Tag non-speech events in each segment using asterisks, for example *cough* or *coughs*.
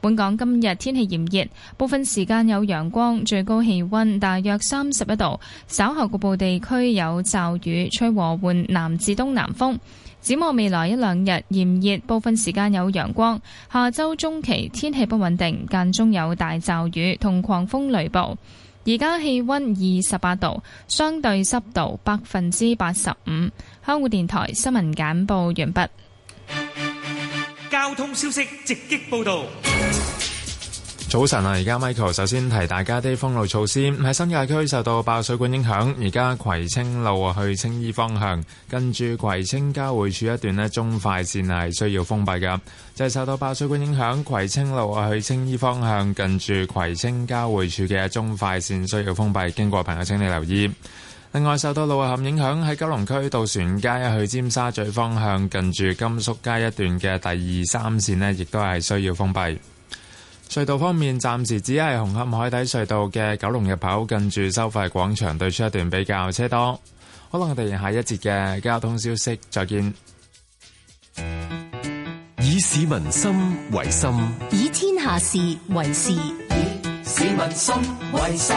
本港今日天氣炎熱，部分時間有陽光，最高氣溫大約三十一度。稍後局部地區有驟雨，吹和緩南至東南風。展望未來一兩日炎熱，部分時間有陽光。下周中期天氣不穩定，間中有大驟雨同狂風雷暴。而家氣溫二十八度，相對濕度百分之八十五。香港電台新聞簡報完畢。交通消息直擊報道。早晨啊，而家 Michael 首先提大家啲封路措施。喺新界區受到爆水管影響，而家葵青路啊去青衣方向，近住葵青交匯處一段呢，中快線係需要封閉嘅，就係受到爆水管影響，葵青路啊去青衣方向，近住葵青交匯處嘅中快線需要封閉，經過朋友請你留意。另外，受到路陷影響，喺九龍區渡船街去尖沙咀方向，近住甘肅街一段嘅第二、三線呢，亦都係需要封閉。隧道方面，暫時只係紅磡海底隧道嘅九龍入口，近住收費廣場對出一段比較車多。好喇，我哋下一節嘅交通消息，再見。以市民心為心，以天下事為事，以市民心為心。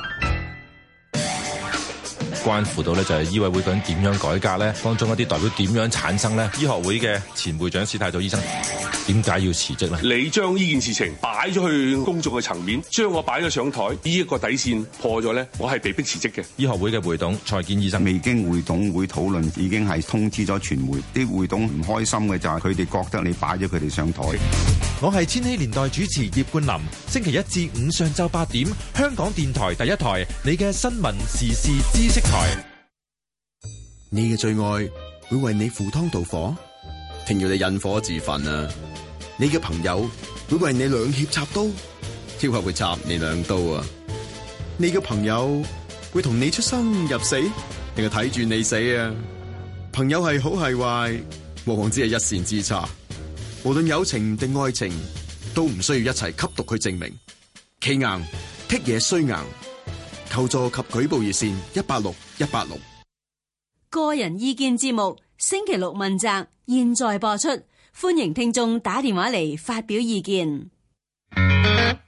關乎到咧就係醫委會講點樣改革咧，當中一啲代表點樣產生咧？醫學會嘅前會長史泰祖醫生點解要辭職咧？你將呢件事情擺咗去公眾嘅層面，將我擺咗上台，呢、這、一個底線破咗咧，我係被迫辭職嘅。醫學會嘅會董蔡堅醫生未經會董會討論，已經係通知咗傳媒，啲會董唔開心嘅就係佢哋覺得你擺咗佢哋上台。我係千禧年代主持葉冠霖，星期一至五上晝八點，香港電台第一台，你嘅新聞時事知識台。你嘅最愛會為你赴湯蹈火，聽住你引火自焚啊！你嘅朋友會為你兩脅插刀，巧客會插你兩刀啊！你嘅朋友會同你出生入死，定係睇住你死啊！朋友係好係壞，往往只係一綫之差。無論友情定愛情，都唔需要一齊吸毒去證明。企硬，剔嘢衰硬。求助及舉報熱線一八六一八六。個人意見節目星期六問責，現在播出，歡迎聽眾打電話嚟發表意見。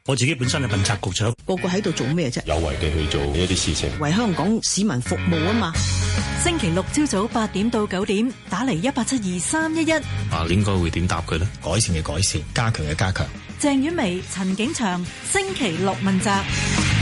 我自己本身係問責局長，個個喺度做咩啫？有為地去做一啲事情，為香港市民服務啊嘛。星期六朝早八點到九點，打嚟一八七二三一一。啊，應該會點答佢咧？改善嘅改善，加強嘅加強。鄭婉薇、陳景祥，星期六問責。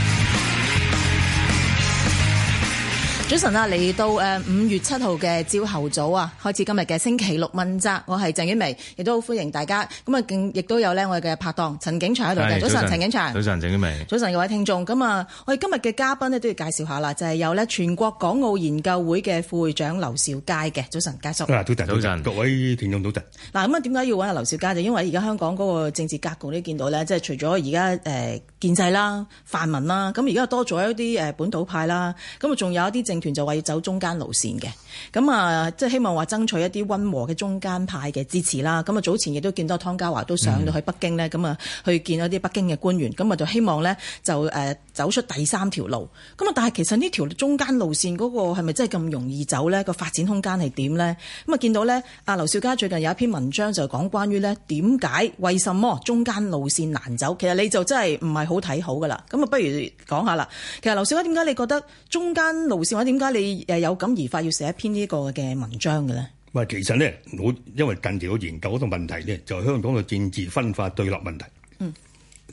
早晨啊，嚟到誒五月七號嘅朝頭早啊，開始今日嘅星期六問責。我係鄭婉薇，亦都好歡迎大家。咁啊，亦都有咧，我哋嘅拍檔陳景祥喺度。早晨，陳景祥。早晨，鄭婉薇。早晨各位聽眾。咁啊，我哋今日嘅嘉賓咧都要介紹一下啦，就係、是、有咧全國港澳研究會嘅副會長劉兆佳嘅。早晨，嘉叔。早晨，早晨，各位聽眾早晨。嗱咁啊，點解要揾阿兆佳，就因為而家香港嗰政治格局都見到咧，即係除咗而家誒建制啦、泛民啦，咁而家多咗一啲誒本土派啦，咁仲有一啲政團就話要走中間路線嘅，咁啊，即係希望話爭取一啲溫和嘅中間派嘅支持啦。咁啊，早前亦都見到湯家驊都上到去北京呢，咁、嗯、啊，去見一啲北京嘅官員。咁啊，就希望呢，就走出第三條路。咁啊，但係其實呢條中間路線嗰個係咪真係咁容易走呢？個發展空間係點呢？咁啊，見到呢，阿劉兆佳最近有一篇文章就講關於呢點解為什麼中間路線難走。其實你就真係唔係好睇好㗎啦。咁啊，不如講下啦。其實劉兆佳點解你覺得中間路線或者？點解你又有感而發要寫一篇呢個嘅文章嘅咧？唔其實咧，我因為近期我研究嗰個問題咧，就係、是、香港嘅政治分化對立問題。嗯，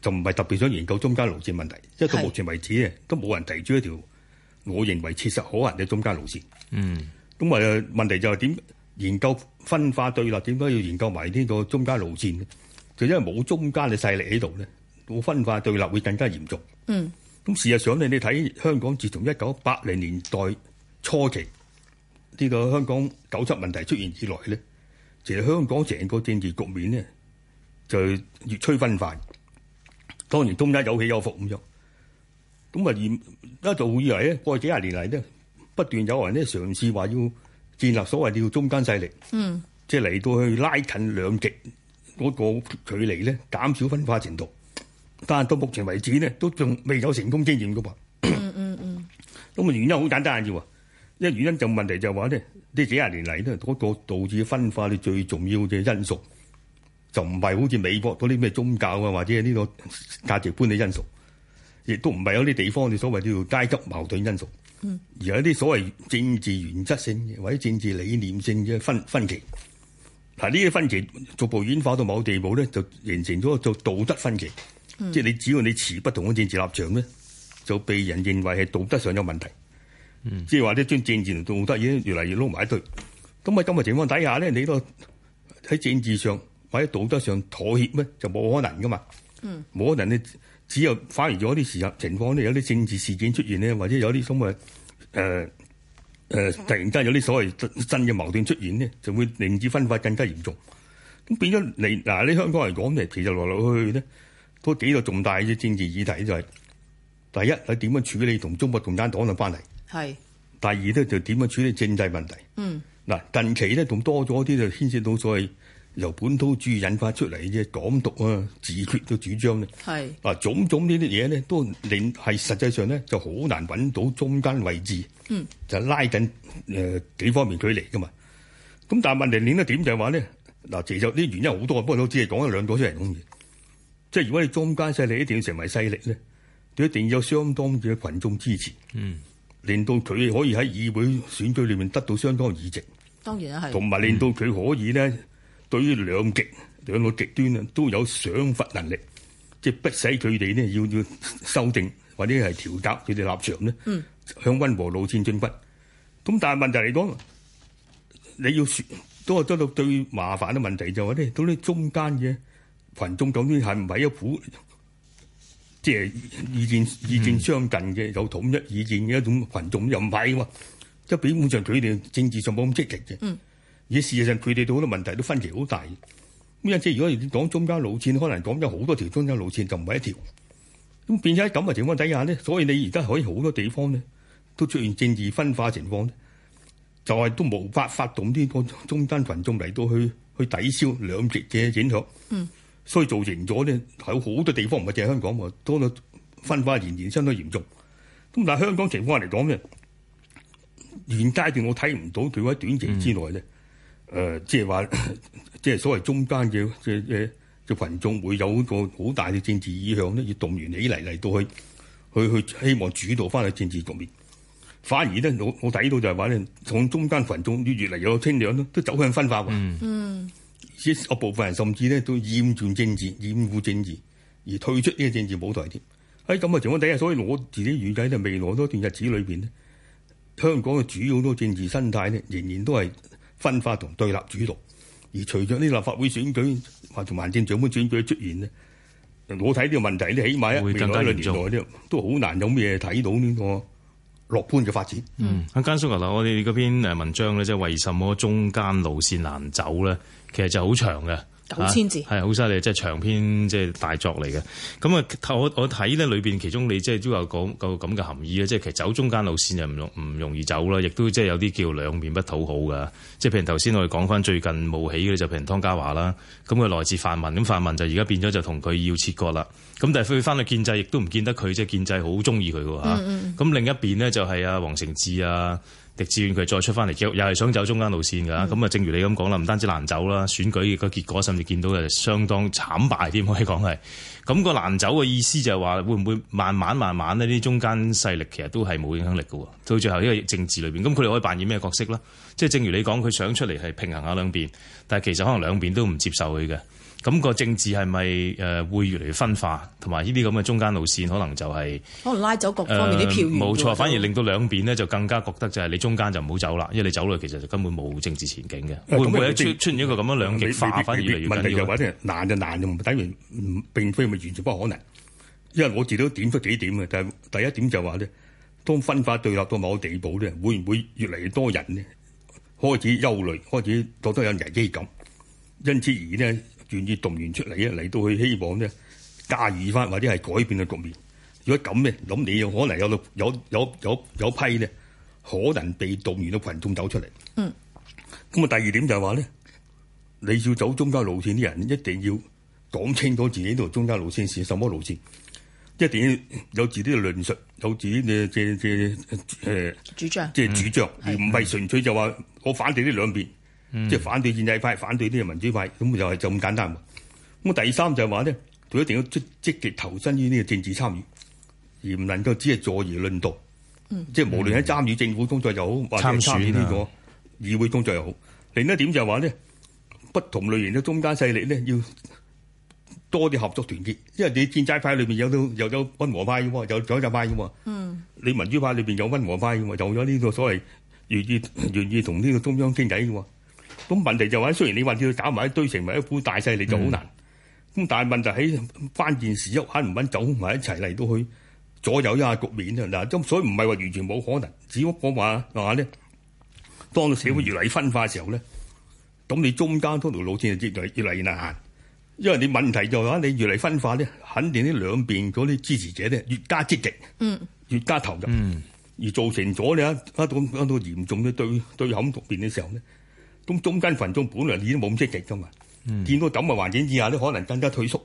就唔係特別想研究中間路線問題，是因為到目前為止啊，都冇人提出一條我認為切實可行嘅中間路線。嗯，咁啊，問題就係點研究分化對立？點解要研究埋呢個中間路線呢？就因為冇中間嘅勢力喺度咧，我分化對立會更加嚴重。嗯。咁事實上，你你睇香港自從一九八零年代初期呢個香港九七問題出現以來咧，其實香港成個政治局面咧，就越趨分化。當然中間有起有伏咁樣。咁啊而一路以來咧，過去幾廿年嚟咧，不斷有人咧，嘗試話要建立所謂嘅中間勢力，嗯，即係嚟到去拉近兩極嗰個距離咧，減少分化程度。但係到目前為止咧，都仲未有成功經驗噶嘛。嗯嗯咁啊、嗯，原因好簡單嘅，要啊，原因就問題就話、是、咧，呢幾廿年嚟咧嗰個導致分化嘅最重要嘅因素就唔係好似美國嗰啲咩宗教啊，或者呢個價值觀嘅因素，亦都唔係有啲地方你所謂叫做階級矛盾因素。嗯。而有啲所謂政治原則性或者政治理念性嘅分分歧，嗱呢啲分歧逐步演化到某地步咧，就形成咗做道德分歧。嗯，即係你只要你持不同嘅政治立場咧，就被人認為係道德上有問題。嗯，即係話啲將政治同道德已經越嚟越撈埋一堆。咁喺咁嘅情況底下咧，你個喺政治上或者道德上妥協咧，就冇可能噶嘛。嗯，冇可能你只有反而咗啲事實情況咧，有啲政治事件出現咧，或者有啲咁嘅誒誒，突然間有啲所謂新嘅矛盾出現咧，就會令至分化更加嚴重。咁變咗你嗱，你香港嚟講咧，其實來來去去咧，都幾個重大嘅政治議題，就係、是、第一係點樣處理同中國共產黨嘅關係，係；第二咧就點樣處理政制問題。嗯，嗱近期咧仲多咗啲，就牽涉到所謂由本土主義引發出嚟嘅港獨啊、自決嘅主張咧。係嗱，種種呢啲嘢咧都令係實際上咧就好難揾到中間位置。嗯，就拉近誒、呃、幾方面距離噶嘛。咁但係問題另一咧點就係話咧嗱，其實啲原因好多，不過都只係講咗兩個出嚟當即係如果你中間勢力一定要成為勢力咧，佢一定要有相當嘅群眾支持，嗯、令到佢可以喺議會選舉裏面得到相當嘅議席，當然同埋令到佢可以咧對於兩極、嗯、兩個極端啊都有想法能力，即係迫使佢哋呢要要修正或者係調節佢哋立場咧、嗯，向温和路線進軍。咁但係問題嚟講，你要說都係得到最麻煩嘅問題就係、是、咧，到你中間嘅。群眾究竟係唔係一股，即係意見意見相近嘅有統一意見嘅一種群眾，又唔係喎。即係表面上佢哋政治上冇咁積極嘅，而事實上佢哋對好多問題都分歧好大。咁因此，如果講中間路線，可能講咗好多條中間路線，就唔係一條。咁變咗喺咁嘅情況底下咧，所以你而家可以好多地方咧都出現政治分化情況咧，就係都無法發動呢個中間群眾嚟到去去抵消兩極嘅影響。嗯。所以造成咗咧，喺好多地方唔係淨係香港喎，多到分化仍然相當嚴重。咁但係香港情況嚟講咧，現階段我睇唔到佢喺短期之內咧，誒、嗯呃，即係話，即係所謂中間嘅嘅嘅嘅羣眾會有個好大嘅政治意向咧，要動員起嚟嚟到去去去希望主導翻個政治局面，反而咧我我睇到就係話咧，從中間群眾越嚟越有清涼咯，都走向分化喎。嗯。嗯。一部分人甚至咧都厭倦政治、厭惡政治而退出呢個政治舞台添。喺咁嘅情況底下，所以我自己預計咧，未來多段日子裏邊咧，香港嘅主要好多政治生態咧，仍然都係分化同對立主導。而隨着呢立法會選舉或同行政長官選舉出現咧，我睇呢個問題咧，起碼一未來兩年內咧，都好難有咩睇到呢個樂觀嘅發展。嗯，阿堅叔嗱，我哋嗰篇誒文章咧，即係為什麼中間路線難走咧？其實就好長嘅，九千字係好犀利，即係長篇即係大作嚟嘅。咁啊，我我睇咧裏面，其中你即係都有講、那個咁嘅含義啊。即係其實走中間路線就唔容唔容易走啦，亦都即係有啲叫兩面不討好噶。即係譬如頭先我哋講翻最近冒起嘅就譬如湯家驊啦，咁佢來自泛民，咁泛民就而家變咗就同佢要切割啦。咁但係佢翻去建制，亦都唔見得佢即係建制好中意佢嘅嚇。咁另一邊呢，就係阿黃成智啊。直志願佢再出翻嚟，又係想走中間路線㗎。咁、嗯、啊，正如你咁講啦，唔單止難走啦，選舉個結果甚至見到就相當慘敗啲，可以講係。咁、個難走嘅意思就係話，會唔會慢慢慢慢呢？啲中間勢力其實都係冇影響力喎。到最後呢個政治裏面，咁佢哋可以扮演咩角色咧？即係正如你講，佢想出嚟係平衡下兩邊，但係其實可能兩邊都唔接受佢嘅。咁、那個政治係咪誒會越嚟越分化，同埋呢啲咁嘅中間路線可能就係、是、可能拉走各方面啲票源冇、呃、錯，反而令到兩邊咧就更加覺得就係你中間就唔好走啦，因為你走落其實就根本冇政治前景嘅、嗯。會唔會出出現一個咁樣兩極化，反而越嚟越緊要咧？難就難，唔等於唔並非咪完全不可能。因為我自己都點出幾點嘅，但、就、係、是、第一點就話咧，當分化對立到某個地步咧，會唔會越嚟越多人呢開始憂慮，開始覺得有危機感，因此而呢。願意動員出嚟啊，嚟到去希望咧，駕馭翻，或者係改變個局面。如果咁咧，咁你又可能有有有有有批咧，可能被動員到群眾走出嚟。嗯，咁啊，第二點就係話咧，你要走中間路線啲人一定要講清楚自己呢條中間路線是什麼路線，一定要有自己嘅論述，有自己嘅嘅嘅誒主張，即、嗯、係主張，而唔係純粹就話我反對呢兩邊。即係反對建制派，反對呢個民主派，咁又係就咁簡單。咁第三就係話咧，佢一定要出積極投身於呢個政治參與，而唔能夠只係坐而論道。即係無論喺參與政府工作又好，或者參與呢個議會工作又好。另一點就係話咧，不同類型嘅中間勢力咧，要多啲合作團結，因為你建制派裏面有到有有温和派嘅喎，有左翼派嘅喎。你民主派裏邊有温和派嘅喎，有咗呢個所謂願意願意同呢個中央傾偈嘅喎。咁問題就話，雖然你話要搞埋一堆成為一股大勢力就好難，咁、嗯、但係問題喺關鍵時刻肯唔肯走埋一齊嚟到去左右一下局面啊！嗱，咁所以唔係話完全冇可能，只不過話話咧，當社會越嚟分化嘅時候咧，咁、嗯、你中間通條路線就越嚟越嚟越難，因為你問題就話、是、你越嚟分化咧，肯定呢兩邊嗰啲支持者咧越加積極，嗯，越加投入，嗯，而造成咗你一一到一,一到嚴重嘅對對抗局面嘅時候咧。咁中間羣眾本嚟已經冇咁積極㗎嘛，見到咁嘅環境之下，都可能更加退縮。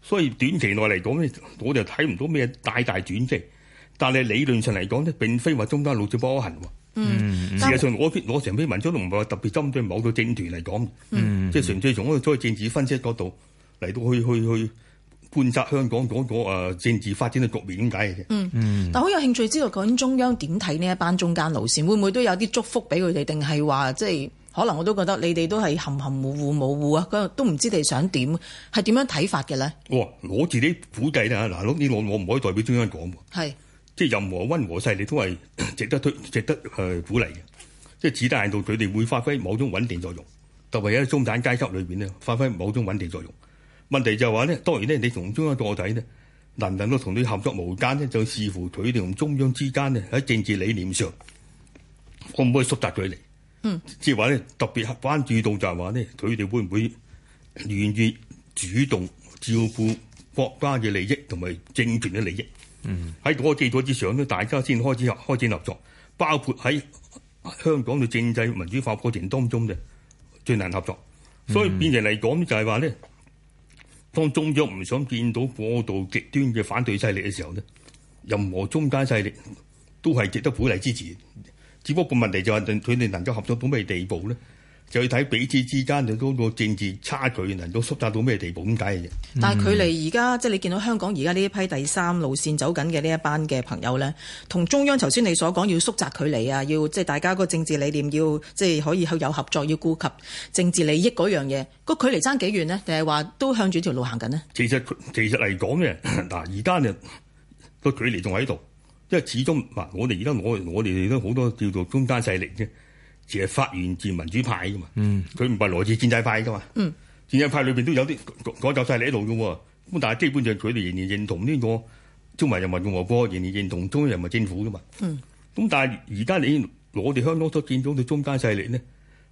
所以短期內嚟講咧，我就睇唔到咩大大轉折。但係理論上嚟講咧，並非話中間路線波痕。嗯，事實上我我成篇文章都唔係話特別針對某個政團嚟講。嗯，即係純粹從嗰個所謂政治分析角度嚟到去去去觀察香港嗰個政治發展嘅局面點解嘅啫。嗯嗯。但好有興趣知道究竟中央點睇呢一班中間路線，會唔會都有啲祝福俾佢哋，定係話即係？可能我都覺得你哋都係含含糊糊冇糊啊，都唔知你想點，係點樣睇法嘅咧？哇、哦！我自己估計啦，嗱，呢啲我我唔可以代表中央講喎。即係任何溫和勢力都係值得推值得去、呃、鼓勵嘅，即係只帶到佢哋會發揮某種穩定作用，特別喺中產階級裏邊咧，發揮某種穩定作用。問題就係話咧，當然咧，你從中央角度睇能唔能夠同你合作無間咧，就視乎佢哋同中央之間咧喺政治理念上可唔可以縮窄距離。嗯，即係話咧，特別關注到就係話咧，佢哋會唔會願意主動照顧國家嘅利益同埋政權嘅利益？嗯，喺嗰個基礎之上咧，大家先開始合開始合作，包括喺香港嘅政制民主化過程當中嘅最難合作，所以變成嚟講就係話咧，當中央唔想見到過度極端嘅反對勢力嘅時候咧，任何中間勢力都係值得鼓勵支持。只不過問題就係佢哋能夠合作到咩地步咧，就要睇彼此之間嘅嗰個政治差距能夠縮窄到咩地步咁解嘅啫。是嗯、但係距離而家即係你見到香港而家呢一批第三路綫走緊嘅呢一班嘅朋友咧，同中央頭先你所講要縮窄距離啊，要即係大家個政治理念要即係可以有合作，要顧及政治利益嗰樣嘢，個距離爭幾遠呢？定係話都向住條路行緊呢？其實其實嚟講咧，嗱，而家嘅個距離仲喺度。始終，唔、啊、我哋而家我我哋都好多叫做中間勢力啫，淨係發源自民主派噶嘛。嗯，佢唔係來自建制派噶嘛。嗯，建制派裏邊都有啲嗰種勢力喺度噶喎。咁但係基本上佢哋仍然認同呢個中華人民共和國，仍然認同中央人民政府噶嘛。嗯。咁但係而家你我哋香港都見到嘅中間勢力呢，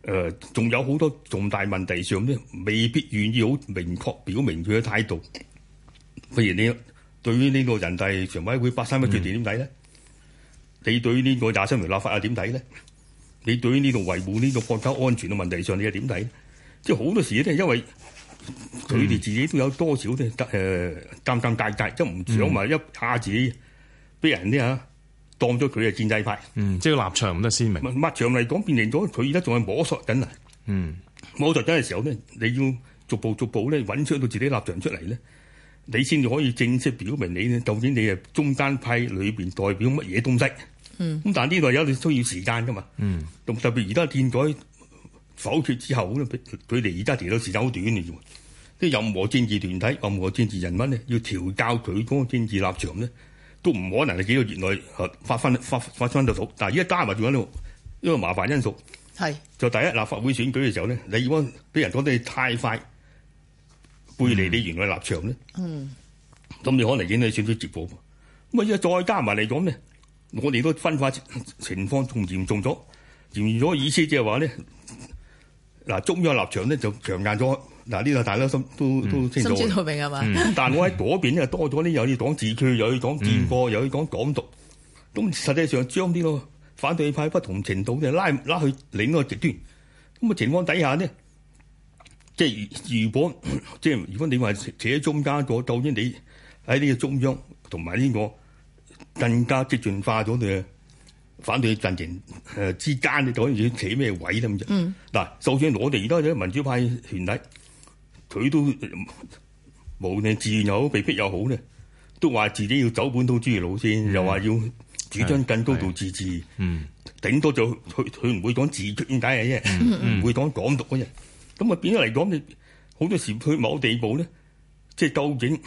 誒、呃，仲有好多重大問題上呢，未必願意好明確表明佢嘅態度。不如你？對於呢個人大常委會八三一嘅決定點睇咧？你對於呢個廿七條立法又點睇咧？你對於呢個維護呢個國家安全嘅問題上你是呢，你又點睇？即係好多時咧，因為佢哋自己都有多少咧，誒、呃，尷尷尬尬，即唔想話、嗯、一下子俾人啲嚇當咗佢係建制派。嗯，即係立場唔得鮮明。立場嚟講，變成咗佢而家仲係摸索緊啊。嗯，摸索緊嘅時候咧，你要逐步逐步咧揾出到自己立場出嚟咧。你先至可以正式表明你呢，究竟你係中間派裏邊代表乜嘢東西？嗯，咁但係呢個有啲需要時間噶嘛？嗯，特別而家憲改否決之後，佢哋而家調到時間好短嘅啫。啲任何政治團體、任何政治人物咧，要調教佢嗰個政治立場咧，都唔可能係幾個月內發翻發發翻到熟。但係而家加埋仲有呢個麻煩因素，係就第一立法會選舉嘅時候咧，你如果俾人講得太快，背離你原來立場咧，咁、嗯、你可能已經係選到結果噉，咁家再加埋嚟講咧，我哋都分化情況仲嚴重咗，嚴重咗意思即係話咧，嗱中央立場咧就強硬咗，嗱呢個大家都都都清楚，心知肚明啊嘛。但係我喺嗰邊咧多咗啲，又要講自決，又、嗯、要講建國，又要講港獨，咁實際上將啲個反對派不同程度嘅拉拉去另一個極端，咁嘅情況底下咧。即係如果即係如果你話扯中間咗，究竟你喺呢個中央同埋呢個更加激進化咗嘅反對陣營誒之間，你究竟要扯咩位咧咁就？嗱、嗯，就、啊、算我哋而家嘅民主派團體，佢都冇咧，無論自願被逼又好咧，都話自己要走本土主義路線、嗯，又話要主張更高度自治，嗯、頂多就佢佢唔會講自決點解嘅啫，唔、嗯 *laughs* 嗯、會講港獨嘅啫。咁啊，變咗嚟講，你好多時去某個地步咧，即係究竟，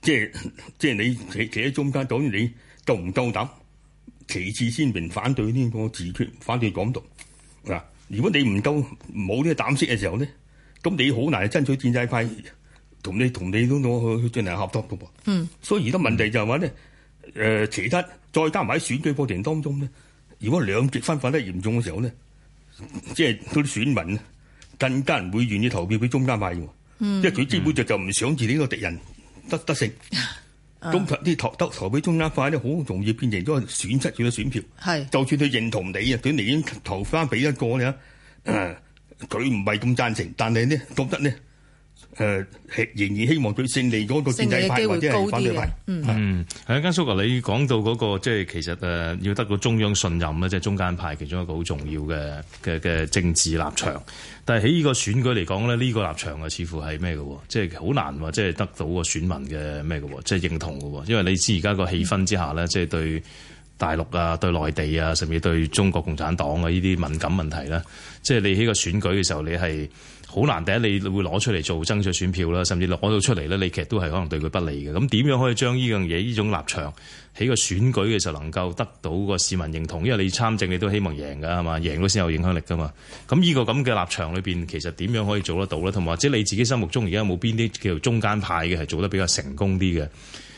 即係即係你企企喺中間，當然你夠唔夠膽其次先明反對呢個自決，反對港獨嗱。如果你唔夠冇呢個膽色嘅時候咧，咁你好難爭取建制派你你你同你同你都攞去進行合作嘅噃。嗯，所以而家問題就係話咧，誒、呃，其他再加埋喺選舉過程當中咧，如果兩極分化得嚴重嘅時候咧，即係嗰啲選民更加唔會願意投票俾中間派喎，因為佢根本就就唔想自己個敵人得得勝，咁啲投得投俾中間派咧，好容易變成咗損失咗選票。係，就算佢認同你啊，佢寧願投翻俾一個你啊，佢唔係咁贊成，但係咧，覺得咧。誒、呃，仍然希望佢勝利嗰個建制派會或者係反對派。嗯，係啊，佳叔啊，你講到嗰、那個即係其實誒、呃、要得到中央信任咧，即、就、係、是、中間派其中一個好重要嘅嘅嘅政治立場。但係喺呢個選舉嚟講咧，呢、這個立場啊，似乎係咩嘅？即係好難話，即、就、係、是、得到個選民嘅咩嘅？即、就、係、是、認同嘅。因為你知而家個氣氛之下咧，即、嗯、係、就是、對大陸啊、對內地啊，甚至對中國共產黨啊呢啲敏感問題咧，即、就、係、是、你喺個選舉嘅時候，你係。好難，第一你會攞出嚟做爭取選票啦，甚至攞到出嚟咧，你其實都係可能對佢不利嘅。咁點樣可以將呢樣嘢、呢種立場喺個選舉嘅時候能夠得到個市民認同？因為你參政，你都希望贏㗎，係嘛？贏咗先有影響力㗎嘛。咁呢個咁嘅立場裏面，其實點樣可以做得到咧？同埋即係你自己心目中而家有冇邊啲叫做中間派嘅係做得比較成功啲嘅？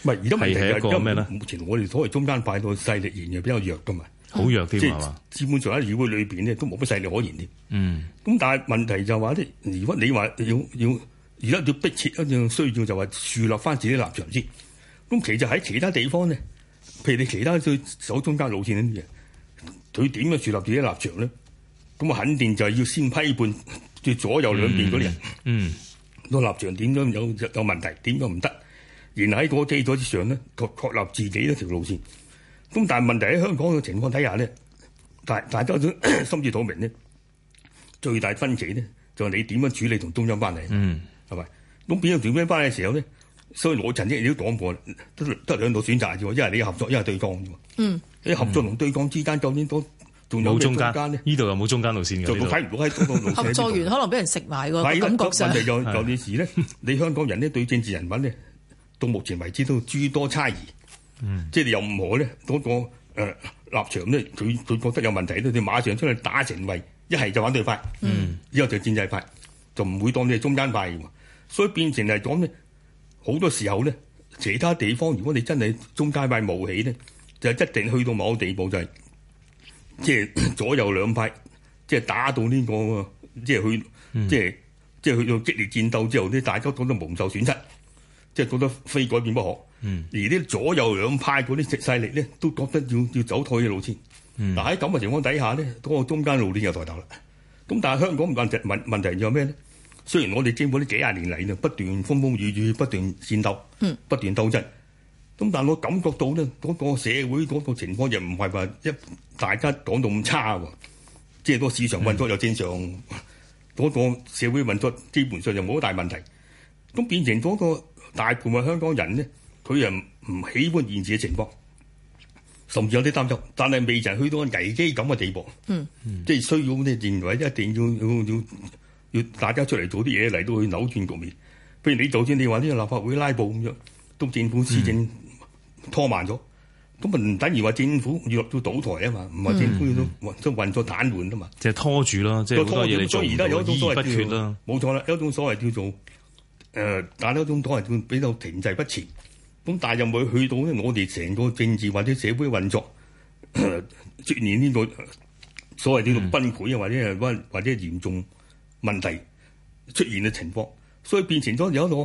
咪，而家係係一個咁咩咧？目前我哋所謂中間派個勢力仍然比較弱㗎嘛。好弱啲係嘛？基、就是就是、本上喺議會裏邊咧都冇乜勢力可言啲。嗯。咁但係問題就係話啲，如果你話要要，而家要，要迫切一定要需要就話樹立翻自己立場先。咁其實喺其他地方咧，譬如你其他對手中間路線啲人，佢點樣樹立自己立場咧？咁啊肯定就係要先批判最左右兩邊嗰啲人。嗯。個、嗯、立場點樣有有有問題？點樣唔得？然後喺嗰基礎之上咧，確確立自己一條路線。咁但係問題喺香港嘅情況底下咧，大大家都心知肚明咧，最大分歧咧就係、是、你點樣處理同中央關係，係、嗯、咪？咁變咗中央翻嘅時候咧，所以我曾經亦都講過，都得兩度選擇啫，一係你合作，一係對抗啫。嗯，啲合作同對抗之間究竟都仲有沒中間呢？依度又冇中間路線嘅，睇唔到喺中間路線。 *laughs* 合作完可能俾人食埋 *laughs* 個感覺上、就是。有有啲事咧，時呢 *laughs* 你香港人咧對政治人物咧，到目前為止都諸多猜疑。嗯，即係你又唔可咧，嗰個誒立場咧，佢佢覺得有問題咧，你馬上出去打成為，一係就反對派，嗯，之後就建制派，就唔會當你係中間派，所以變成嚟講咧，好多時候咧，其他地方如果你真係中間派冒起咧，就一定去到某個地步就係，即係左右兩派，即係打到呢個，即係去，即係即係去到激烈戰鬥之後咧，大家覺得蒙受損失，即係覺得非改變不可。而啲左右兩派嗰啲勢勢力咧，都覺得要要走退嘅路線。嗱喺咁嘅情況底下咧，嗰個中間路線又抬頭啦。咁但係香港問題問問題就係咩咧？雖然我哋政府呢幾十年嚟不斷風風雨雨，不斷戰鬥，不斷鬥爭。咁但係我感覺到咧，嗰個社會嗰個情況又唔係話一大家講到咁差喎。即係個市場運作又正常，嗰個社會運作基本上又冇好大問題。咁變成嗰個大部份香港人咧。佢又唔喜歡現時嘅情況，甚至有啲擔憂，但係未曾去到危機咁嘅地步，嗯嗯、即係需要認為一定要要要大家出嚟做啲嘢嚟到去扭轉局面。譬如你就算你話呢個立法會拉布咁樣，都政府施政拖慢咗，咁啊唔等於話政府要入到倒台啊嘛？唔、嗯、話政府要運、嗯、都運作癱瘓啊嘛？即係拖住啦，即係拖住，嘢都而家有一種所謂叫做冇、啊、錯啦，有一種所謂叫做誒、呃，但係嗰種所謂叫做比較停滯不前。咁但係有冇去到咧？我哋成個政治或者社會運作、呃、出現呢個所謂呢個崩潰啊，或者係或者嚴重問題出現嘅情況，所以變成咗有一套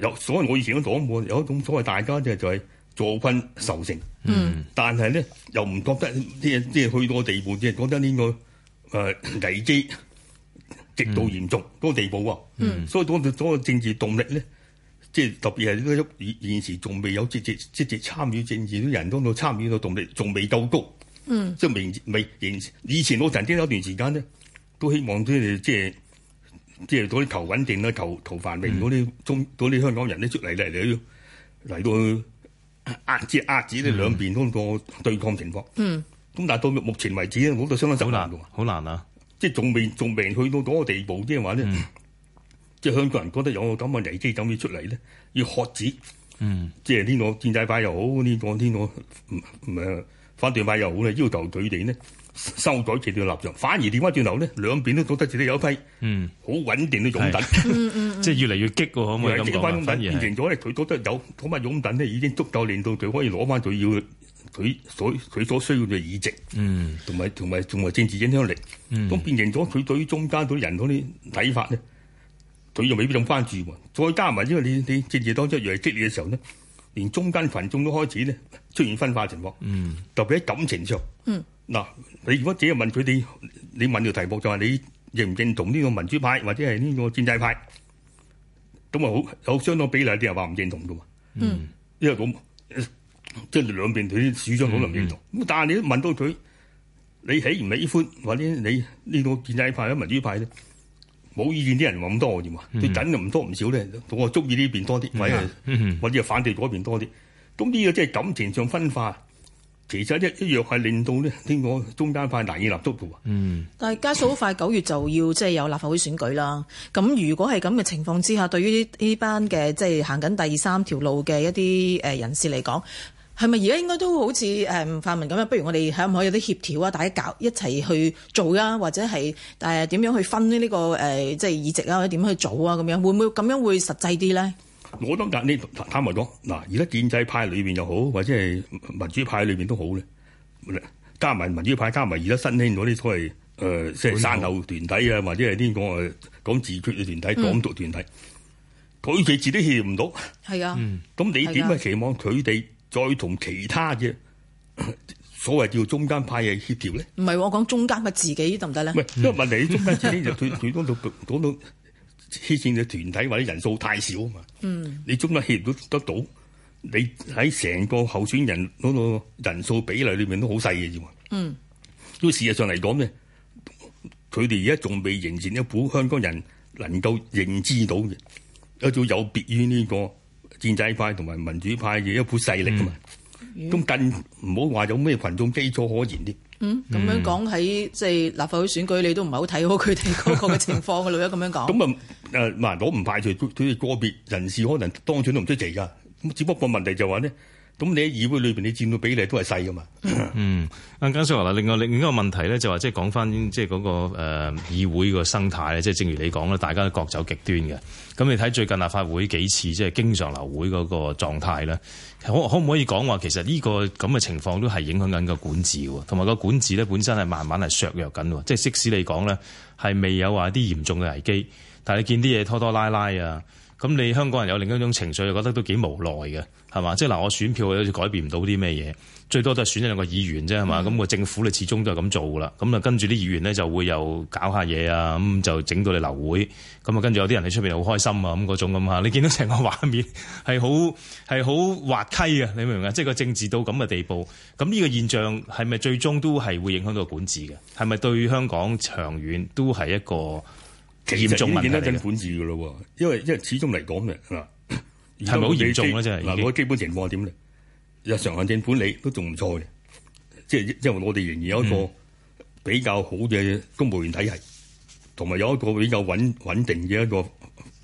有、呃、所謂我以前都講過，有一種所謂大家即係就係坐困愁城。嗯。但係咧又唔覺得啲嘢即係去到個地步，即係覺得呢個誒危機極度嚴重嗰個地步啊。嗯。所以嗰個嗰個政治動力咧。即係特別係呢個現時仲未有直接積極參與政治啲人，當到參與到動力仲未到高，嗯、即係未未以前我曾經有段時間咧，都希望啲即係即係嗰啲求穩定啦、求求繁榮嗰啲中啲香港人咧出嚟嚟嚟嚟到壓止壓止呢兩邊嗰個對抗情況。嗯，咁、嗯、但係到目前為止咧，我都相當難度好難啊！即係仲未仲未去到嗰個地步，即係話咧。嗯即係香港人覺得有個咁嘅危機咁要出嚟咧，要喝止。嗯，即係呢個建制派又好，呢、呢個呢、呢個誒反對派又好咧，要求佢哋咧修改其條立場，反而調翻轉頭咧，兩邊都覺得自己有一批，嗯，好穩定嘅擁躉，嗯嗯嗯、 *laughs* 即係越嚟越激喎，可唔可以咁講、嗯嗯？變成咗咧，佢覺得有咁嘅擁躉咧，已經足夠令到佢可以攞翻佢要佢所佢所需要嘅議席，嗯，同埋同埋仲係政治影響力，嗯，都變成咗佢對於中間嗰啲人嗰啲睇法咧。佢又未必咁關注喎，再加埋因為你你政治當中越係激烈嘅時候咧，連中間群眾都開始咧出現分化嘅情況，嗯、特別喺感情上。嗱、嗯，你如果只係問佢哋，你問條題目就話、是、你認唔認同呢個民主派或者係呢個建制派，咁啊好有相當比例啲人話唔認同嘅嘛。嗯，因為咁即係兩邊啲主張可能唔認同。咁、嗯、但係你問到佢，你喜唔喜歡或者你呢個建制派啊民主派咧？冇意見啲人話咁多嘅嘛，最緊就唔多唔少咧。我中意呢邊多啲、嗯，或者反對嗰邊多啲。咁、嗯、呢個即係感情上分化，其實一一樣係令到咧，聽講中間派難以立足到嗯，但係加數好快，九月就要即係有立法會選舉啦。咁如果係咁嘅情況之下，對於呢班嘅即係行緊第三條路嘅一啲誒人士嚟講，係咪而家應該都好似誒泛民咁啊？不如我哋係唔可以有啲協調啊？大家搞一齊去做啊，或者係誒點樣去分呢個誒即係議席啊？或者點樣去做啊？咁樣會唔會咁樣會實際啲咧？我覺得你坦白講嗱，而家建制派裏邊又好，或者係民主派裏邊都好咧，加埋民主派，加埋而家新興嗰啲所謂誒即係傘後團體啊，或者係啲講誒講自決嘅團體、港獨團體，佢、嗯、哋自己協唔到，係啊，咁、嗯、你點樣期望佢哋？再同其他嘅所謂叫中間派嘅協調咧，唔係我講中間嘅自己得唔得咧？唔係，因為問題中間自己就 *laughs* 最最終都到牽線嘅團體或者人數太少啊嘛。嗯，你中間協調到得到？你喺成個候選人嗰個人數比例裏面都好細嘅啫。嗯，因事實上嚟講咧，佢哋而家仲未形成一股香港人能夠認知到嘅，一種有別於呢個。建制派同埋民主派有一股勢力噶嘛，咁、嗯、更唔好話有咩群眾基礎可言啲。嗯，咁樣講喺即係立法會選舉，你都唔係好睇好佢哋嗰個嘅情況嘅，老友咁樣講？咁啊，誒，嗱，我唔排除佢佢哋個別人士可能當選都唔出奇噶。咁只不過問題就話呢。咁你喺議會裏面你佔到比例都係細噶嘛？嗯，阿簡叔話啦，另外另外一個問題咧，就話即係講翻即係嗰個誒議會個生態咧，即係正如你講咧，大家都各走極端嘅。咁你睇最近立法會幾次即係經常流會嗰個狀態咧，可可唔可以講話其實呢個咁嘅情況都係影響緊個管治喎，同埋個管治咧本身係慢慢係削弱緊喎。即係即使你講咧係未有話啲嚴重嘅危機，但係你見啲嘢拖拖拉拉啊。咁你香港人有另一種情緒，就覺得都幾無奈嘅，係嘛？即係嗱，我選票好似改變唔到啲咩嘢，最多都係選一兩個議員啫，係嘛？咁、嗯、個政府你始終都係咁做噶啦。咁啊，跟住啲議員咧就會又搞下嘢啊，咁就整到你流會。咁啊，跟住有啲人喺出面好開心啊，咁嗰種咁嚇。你見到成個畫面係好係好滑稽嘅，你明唔明啊？即係個政治到咁嘅地步，咁呢個現象係咪最終都係會影響到管治嘅？係咪對香港長遠都係一個？嚴重問題啦，真本事噶咯，因為因為始終嚟講嘅，係咪，係好嚴重啦，真係嗱，我基本情況係點咧？日常行政管理都仲唔錯嘅，即係因為我哋仍然有一個比較好嘅公務員體系，同、嗯、埋有一個比較穩穩定嘅一個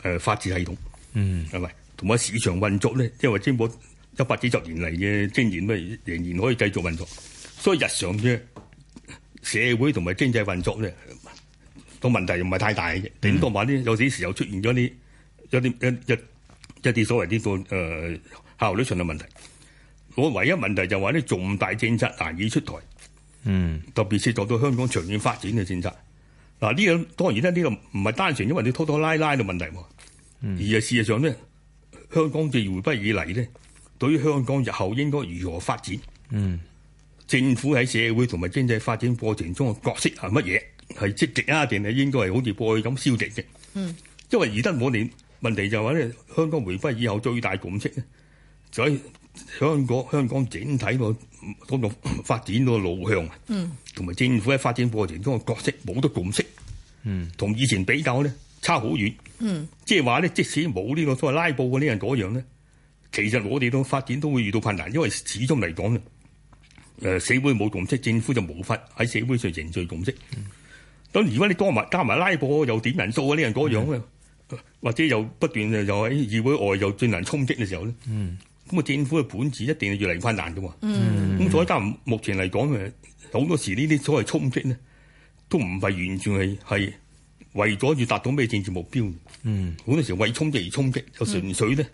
誒法治系統，嗯係咪？同埋市場運作咧，即係話經過一百幾十年嚟嘅經驗，咪仍然可以繼續運作，所以日常嘅社會同埋經濟運作咧。個問題又唔係太大嘅啫，頂多話咧有啲時又出現咗啲有啲一一一啲所謂啲誒效率上嘅問題。我唯一問題就話咧重大政策難以出台，嗯，特別涉及到香港長遠發展嘅政策。嗱、啊、呢、呢樣當然咧呢、呢個唔係單純因為你拖拖拉拉嘅問題喎，而係事實上咧香港自回不以嚟咧對於香港日後應該如何發展，嗯，政府喺社會同埋經濟發展過程中嘅角色係乜嘢？係積極啊，定係應該係好似過去咁消極嘅？嗯，因為而家我哋問題就係話咧，香港回歸以後最大共識咧，就喺香港香港整體個嗰個發展個路向啊，嗯，同埋政府喺發展過程中嘅角色冇得共識，嗯，同以前比較咧差好遠，嗯，即係話咧，即使冇呢、呢個所謂拉布嗰啲人嗰樣咧，其實我哋都發展都會遇到困難，因為始終嚟講啊，誒、呃、社會冇共識，政府就冇法喺社會上凝聚共識。嗯咁而家你加埋加埋拉布又點人數啊？呢樣嗰樣或者又不斷又喺議會外又進行衝擊嘅時候咧，咁、嗯、啊政府嘅管治一定係越嚟越困難嘅喎。咁、嗯、所以但目前嚟講誒，好多時呢啲所謂衝擊咧，都唔係完全係係為咗要達到咩政治目標。好、嗯、多時為衝擊而衝擊，就純粹咧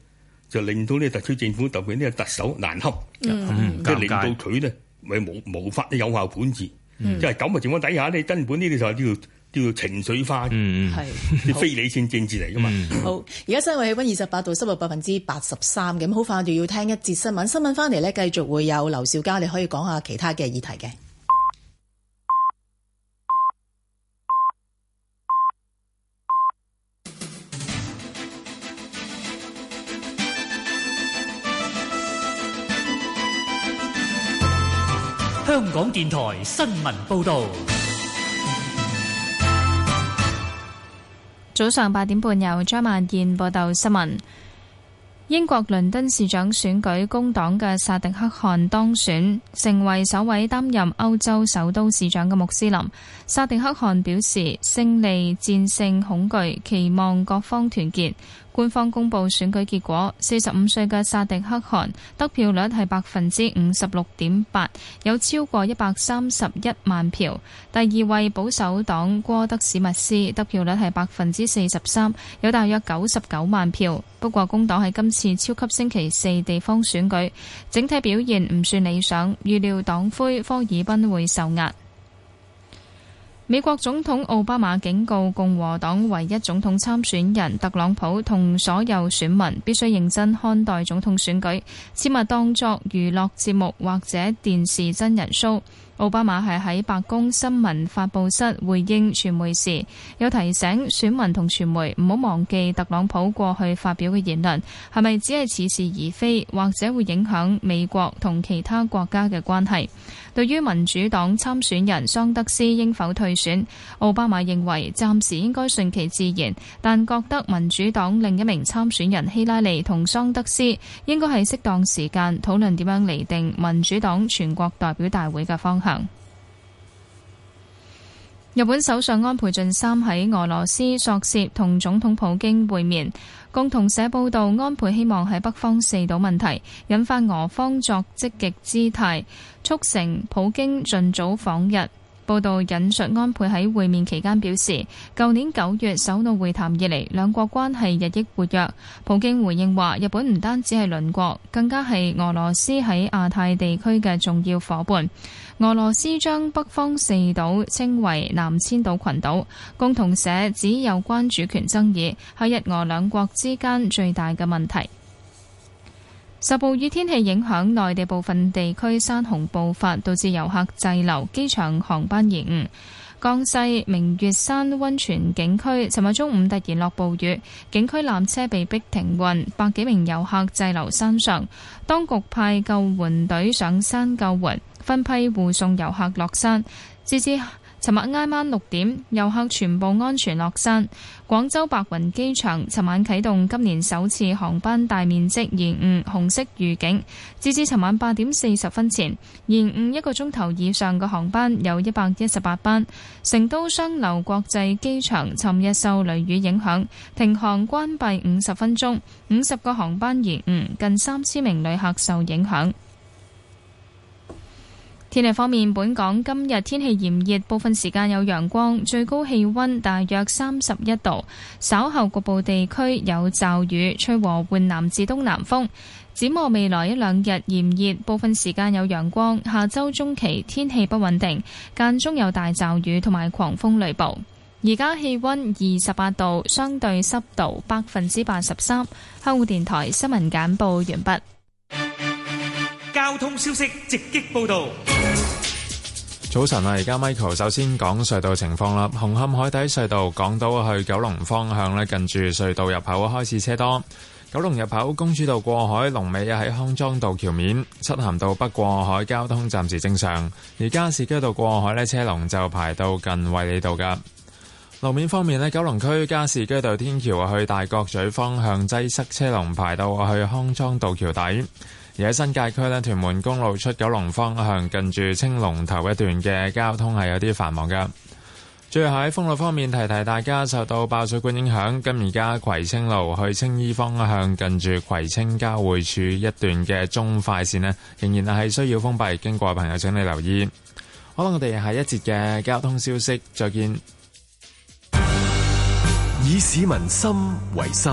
就令到呢個特區政府特別呢個特首難堪，即、嗯、係、就是、令到佢咧咪無無法有效管治。嗯、即係咁嘅情況底下，你根本呢啲就係叫叫情緒化，係、嗯、啲非理性政治嚟噶嘛。好，而家室外氣温二十八度，濕度百分之八十三咁，好快我哋要聽一節新聞。新聞翻嚟咧，繼續會有劉兆佳，你可以講下其他嘅議題嘅。香港電台新聞報道，早上八點半由張曼燕報道新聞。英國倫敦市長選舉，工黨嘅薩迪克汗當選，成為首位擔任歐洲首都市長嘅穆斯林。薩迪克汗表示，勝利戰勝恐懼，期望各方團結。官方公布選舉結果，四十五歲嘅薩迪克汗得票率係百分之五十六點八，有超過一百三十一萬票。第二位保守黨哥德史密斯得票率係百分之四十三，有大約九十九萬票。不過，工黨喺今次超級星期四地方選舉整體表現唔算理想，預料黨魁科爾賓會受壓。美國總統奧巴馬警告共和黨唯一總統參選人特朗普同所有選民，必須認真看待總統選舉，切勿當作娛樂節目或者電視真人 show。奧巴馬係喺白宮新聞發佈室回應傳媒時，有提醒選民同傳媒唔好忘記特朗普過去發表嘅言論係咪只係似是而非，或者會影響美國同其他國家嘅關係。對於民主黨參選人桑德斯應否退選，奧巴馬認為暫時應該順其自然，但覺得民主黨另一名參選人希拉里同桑德斯應該係適當時間討論點樣厘定民主黨全國代表大會嘅方向。日本首相安倍晉三喺俄羅斯索契同總統普京會面。共同社報道，安倍希望喺北方四島問題引發俄方作積極姿態，促成普京盡早訪日。報道引述安倍喺會面期間表示，舊年九月首腦會談以嚟，兩國關係日益活躍。普京回應話，日本唔單止係鄰國，更加係俄羅斯喺亞太地區嘅重要伙伴。俄羅斯將北方四島稱為南千島群島，共同社指有關主權爭議，係日俄兩國之間最大嘅問題。受暴雨天氣影響，內地部分地區山洪暴發導致遊客滯留，機場航班延誤。江西明月山溫泉景區尋日中午突然落暴雨，景區纜車被逼停運，百幾名遊客滯留山上，當局派救援隊上山救援，分批護送遊客落山。直至尋日挨晚六點，遊客全部安全落山。廣州白雲機場尋晚啟動今年首次航班大面積延誤紅色預警，截至尋晚八點四十分前，延誤一個鐘頭以上嘅航班有一百一十八班。成都雙流國際機場尋日受雷雨影響，停航關閉五十分鐘，五十個航班延誤，近三千名旅客受影響。天氣方面，本港今日天氣炎熱，部分時間有陽光，最高氣溫大約三十一度。稍後局部地區有驟雨，吹和緩南至東南風。展望未來一兩日炎熱，部分時間有陽光。下周中期天氣不穩定，間中有大驟雨同埋狂風雷暴。而家氣溫二十八度，相對濕度百分之八十三。香港電台新聞簡報完畢。交通消息直擊報道。早晨啊，而家 Michael 首先講隧道情況啦。紅磡海底隧道港島去九龍方向近住隧道入口開始車多。九龍入口公主道過海龍尾又喺康莊道橋面。漆咸道北過海交通暫時正常，而加士居道過海咧車龍就排到近衛理道噶。路面方面，九龍區加士居道天橋去大角咀方向擠塞車龍，車龍排到去康莊道橋底。而喺新界區呢，屯門公路出九龍方向近住青龍頭一段嘅交通係有啲繁忙㗎。最後喺封路方面提提大家，受到爆水管影響，咁而家葵青路去青衣方向近住葵青交匯處一段嘅中快線呢仍然係需要封閉，經過嘅朋友請你留意。好啦，我哋下一節嘅交通消息，再見。以市民心為心。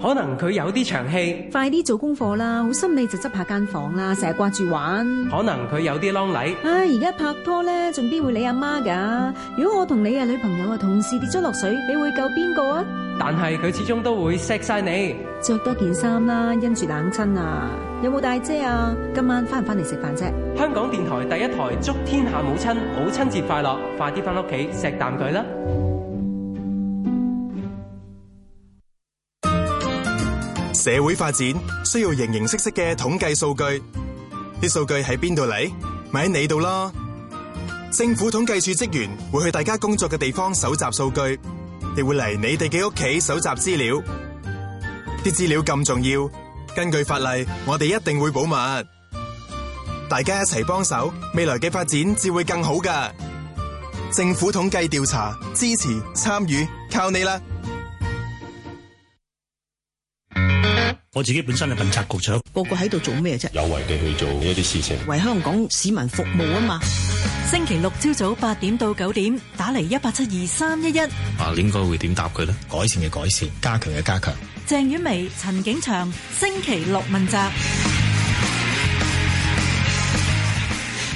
可能佢有啲長氣，快啲做功課啦！好心你就執下間房啦，成日掛住玩。可能佢有啲啷禮。唉、哎，而家拍拖咧，仲邊會理阿媽噶？如果我同你啊女朋友啊同時跌咗落水，你會救邊個啊？但係佢始終都會錫晒你。着多件衫啦，因住冷親啊！有冇帶遮啊？今晚翻唔翻嚟食飯啫？香港電台第一台祝天下母親母親節快樂！快啲翻屋企錫啖佢啦！社會發展需要形形色色嘅統計數據，啲數據喺邊度嚟？咪喺你度咯。政府統計處職員會去大家工作嘅地方搜集數據，亦會嚟你哋嘅屋企搜集資料。啲資料咁重要，根據法例，我哋一定會保密。大家一齊幫手，未來嘅發展至會更好㗎。政府統計調查，支持參與，靠你啦！我自己本身係問責局長，個個喺度做咩啫？有為地去做呢一啲事情，為香港市民服務啊嘛！ *music* 星期六朝早八點到九點，打嚟一八七二三一一。啊，應該會點答佢咧？改善嘅改善，加強嘅加強。鄭婉薇、陳景祥，星期六問責。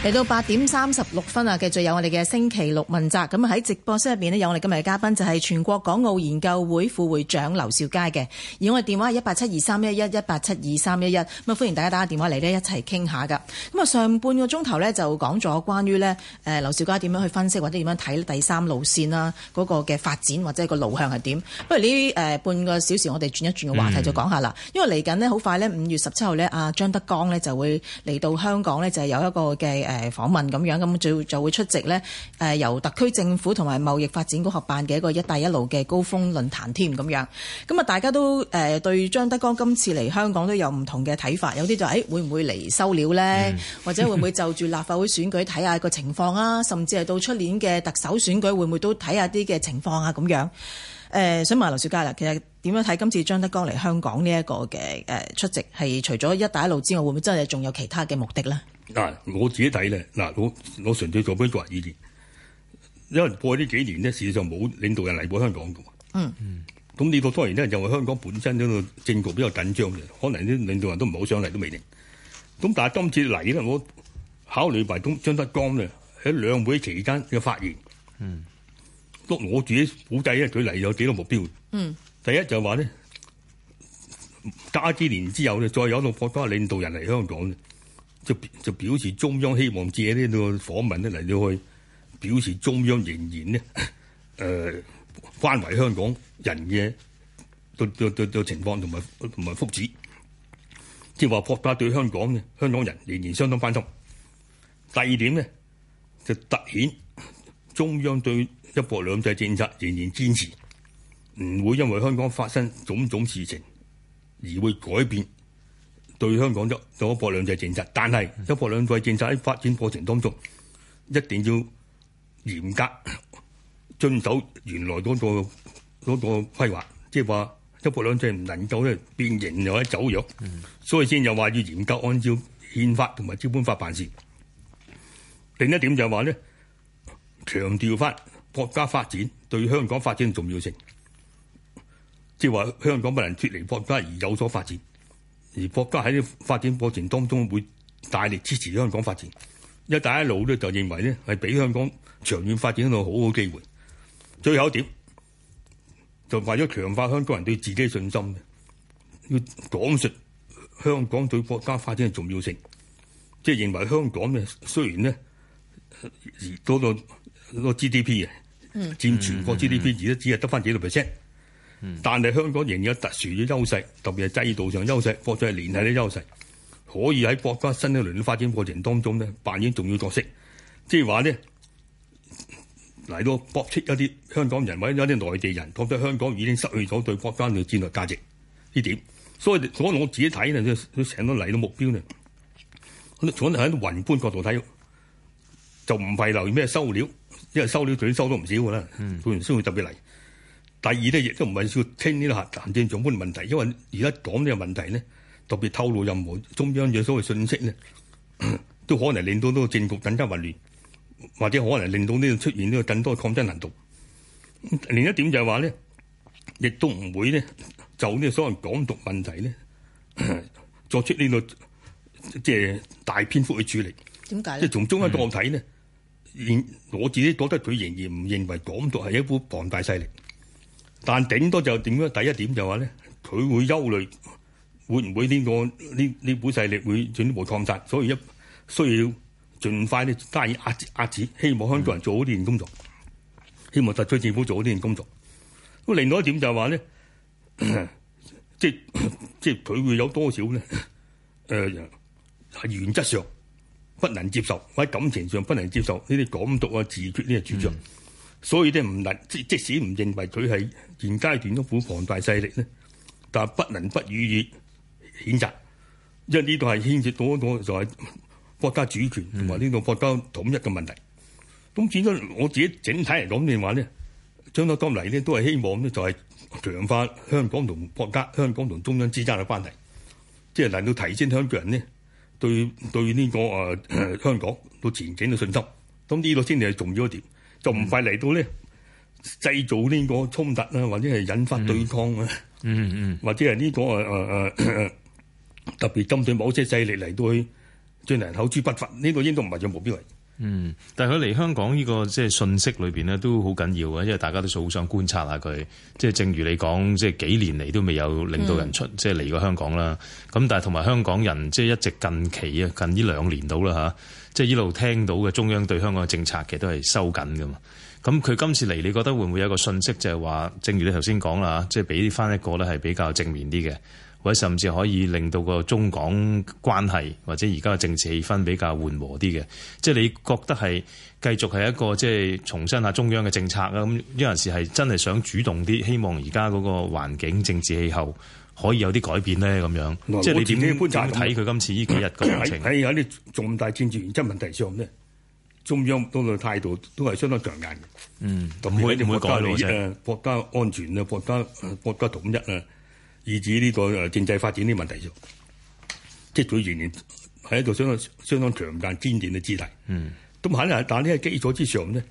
嚟到八點三十六分啊！繼續有我哋嘅星期六問責，咁喺直播室入面呢，有我哋今日嘅嘉賓就係全國港澳研究會副會長劉兆佳嘅，而我哋電話係一八七二三一一一八七二三一一，咁啊，歡迎大家打下電話嚟呢，一齊傾下噶。咁啊，上半個鐘頭呢，就講咗關於呢誒劉兆佳點樣去分析或者點樣睇第三路線啦，嗰個嘅發展或者個路向係點？不如呢半個小時，我哋轉一轉嘅話題就講下啦。因為嚟緊呢，好快呢，五月十七號呢，阿張德江呢就會嚟到香港呢，就係有一個嘅。誒訪問咁樣，咁就就會出席呢，誒由特區政府同埋貿易發展局合辦嘅一個一帶一路嘅高峰論壇添咁樣。咁啊，大家都誒對張德江今次嚟香港都有唔同嘅睇法，有啲就誒會唔會嚟收料呢？嗯、或者會唔會就住立法會選舉睇下個情況啊， *laughs* 甚至係到出年嘅特首選舉會唔會都睇下啲嘅情況啊咁樣。誒、呃、想問下劉小姐啦，其實點樣睇今次張德江嚟香港呢一個嘅出席係除咗一帶一路之外，會唔會真係仲有其他嘅目的呢？嗱、啊，我自己睇咧，嗱、啊，我我純粹做番個人意見，因為過去呢幾年咧，事實上冇領導人嚟過香港嘅。嗯嗯，咁呢個當然咧，就係、是、香港本身呢個政局比較緊張嘅，可能啲領導人都唔係好想嚟都未定。咁但係今次嚟咧，我考慮埋中張德江咧喺兩會期間嘅發言，嗯，都我自己估計咧，佢嚟有幾個目標。嗯，第一就係話咧，隔咗幾年之後咧，再有一個國家領導人嚟香港。就就表示中央希望借呢度訪問呢嚟，到去表示中央仍然呢，誒、呃、關懷香港人嘅，對對對個情況同埋同埋福祉，即係話潑灑對香港嘅香港人仍然相當關心。第二點呢，就凸顯中央對一國兩制政策仍然堅持，唔會因為香港發生種種事情而會改變。對香港就一國兩制政策，但係一國兩制政策喺發展過程當中，一定要嚴格遵守原來嗰個嗰個規劃，即係話一國兩制唔能夠咧變形又或者走弱，嗯、所以先又話要嚴格按照憲法同埋基本法辦事。另一點就係話咧，強調翻國家發展對香港發展嘅重要性，即係話香港不能脱離國家而有所發展。而國家喺啲發展過程當中會大力支持香港發展，一帶一路咧就認為咧係俾香港長遠發展一個好好機會。最後一點就為咗強化香港人對自己嘅信心，要講述香港對國家發展嘅重要性，即係認為香港咧雖然咧而嗰個 GDP 嘅佔全國 GDP 而家只係得翻幾個 percent。嗯、但係香港仍有特殊嘅優勢，特別係制度上的優勢，或者係聯繫啲優勢，可以喺國家的新一輪嘅發展過程當中咧扮演重要角色。即係話咧嚟到駁斥一啲香港人或者一啲內地人覺得香港已經失去咗對國家嘅戰略價值呢點，所以可能我自己睇呢，佢成日嚟到目標可能喺雲觀角度睇，就唔係留意咩收料，因為收料佢收到唔少噶啦，佢、嗯、先會，會特別嚟。第二咧，亦都唔係要傾呢個行政長官問題，因為而家講呢個問題咧，特別透露任何中央嘅所謂信息咧，都可能令到呢個政局更加混亂，或者可能令到呢度出現呢個更多嘅抗爭難度。另一點就係話咧，亦都唔會咧就呢個所謂港獨問題咧作出呢、這個即係、就是、大篇幅嘅處理。點解？即係從中央角度睇呢、嗯，我自己覺得佢仍然唔認為港獨係一股龐大勢力。但頂多就點樣？第一點就話咧，佢會憂慮會會、這個，會唔會呢個呢呢股勢力會進一步擴散？所以一需要盡快呢，加以壓壓止，希望香港人做好呢件工作，希望特區政府做好呢件工作。咁另外一點就係話咧，即咳咳即佢會有多少咧？誒、呃，喺原則上不能接受，喺感情上不能接受呢啲港獨啊、自決呢啲主張。嗯所以咧唔能即即使唔認為佢係現階段都好龐大勢力咧，但不能不予以譴責，因為呢度係牽涉到一個就係國家主權同埋呢個國家統一嘅問題。咁至於我自己整體嚟講嘅話咧，將來當嚟咧都係希望咧就係強化香港同國家、香港同中央之間嘅關係，即係嚟到提升香港人呢對對呢、呢個啊、呃、香港到前景嘅信心。咁呢個先係重要一點。就唔快嚟到咧，製造呢個衝突啊，或者係引發對抗啊，嗯嗯，或者係、這、呢個誒誒誒，特別針對某些勢力嚟到去鑽人口誅筆伐，呢、這個應該唔係有目標嚟，嗯，但係佢嚟香港呢個即係信息裏邊咧都好緊要嘅，因為大家都好想觀察下佢。即係正如你講，即係幾年嚟都未有領導人出，即係嚟過香港啦。咁、嗯、但係同埋香港人即係一直近期啊，近呢兩年到啦吓。即係一路聽到嘅中央對香港嘅政策，其實都係收緊㗎嘛。咁佢今次嚟，你覺得會唔會有一個訊息，就係話，正如你頭先講啦，即係俾翻一個咧係比較正面啲嘅，或者甚至可以令到個中港關係或者而家嘅政治氣氛比較緩和啲嘅。即係你覺得係繼續係一個即係重申下中央嘅政策啊？咁有陣時係真係想主動啲，希望而家嗰個環境政治氣候。可以有啲改變咧咁樣，即係你點樣睇佢今次呢幾日嘅行程？喺有啲重大政治原則問題上咧，中央嗰個態度都係相當強硬嘅。嗯，唔會唔會講利益啊、國家安全啊、國家國家統一啊、嗯，以至呢個誒政制發展啲問題上，即係佢仍然喺一個相當相當強硬堅定嘅姿態。嗯，咁肯定係，但呢個基礎之上咧，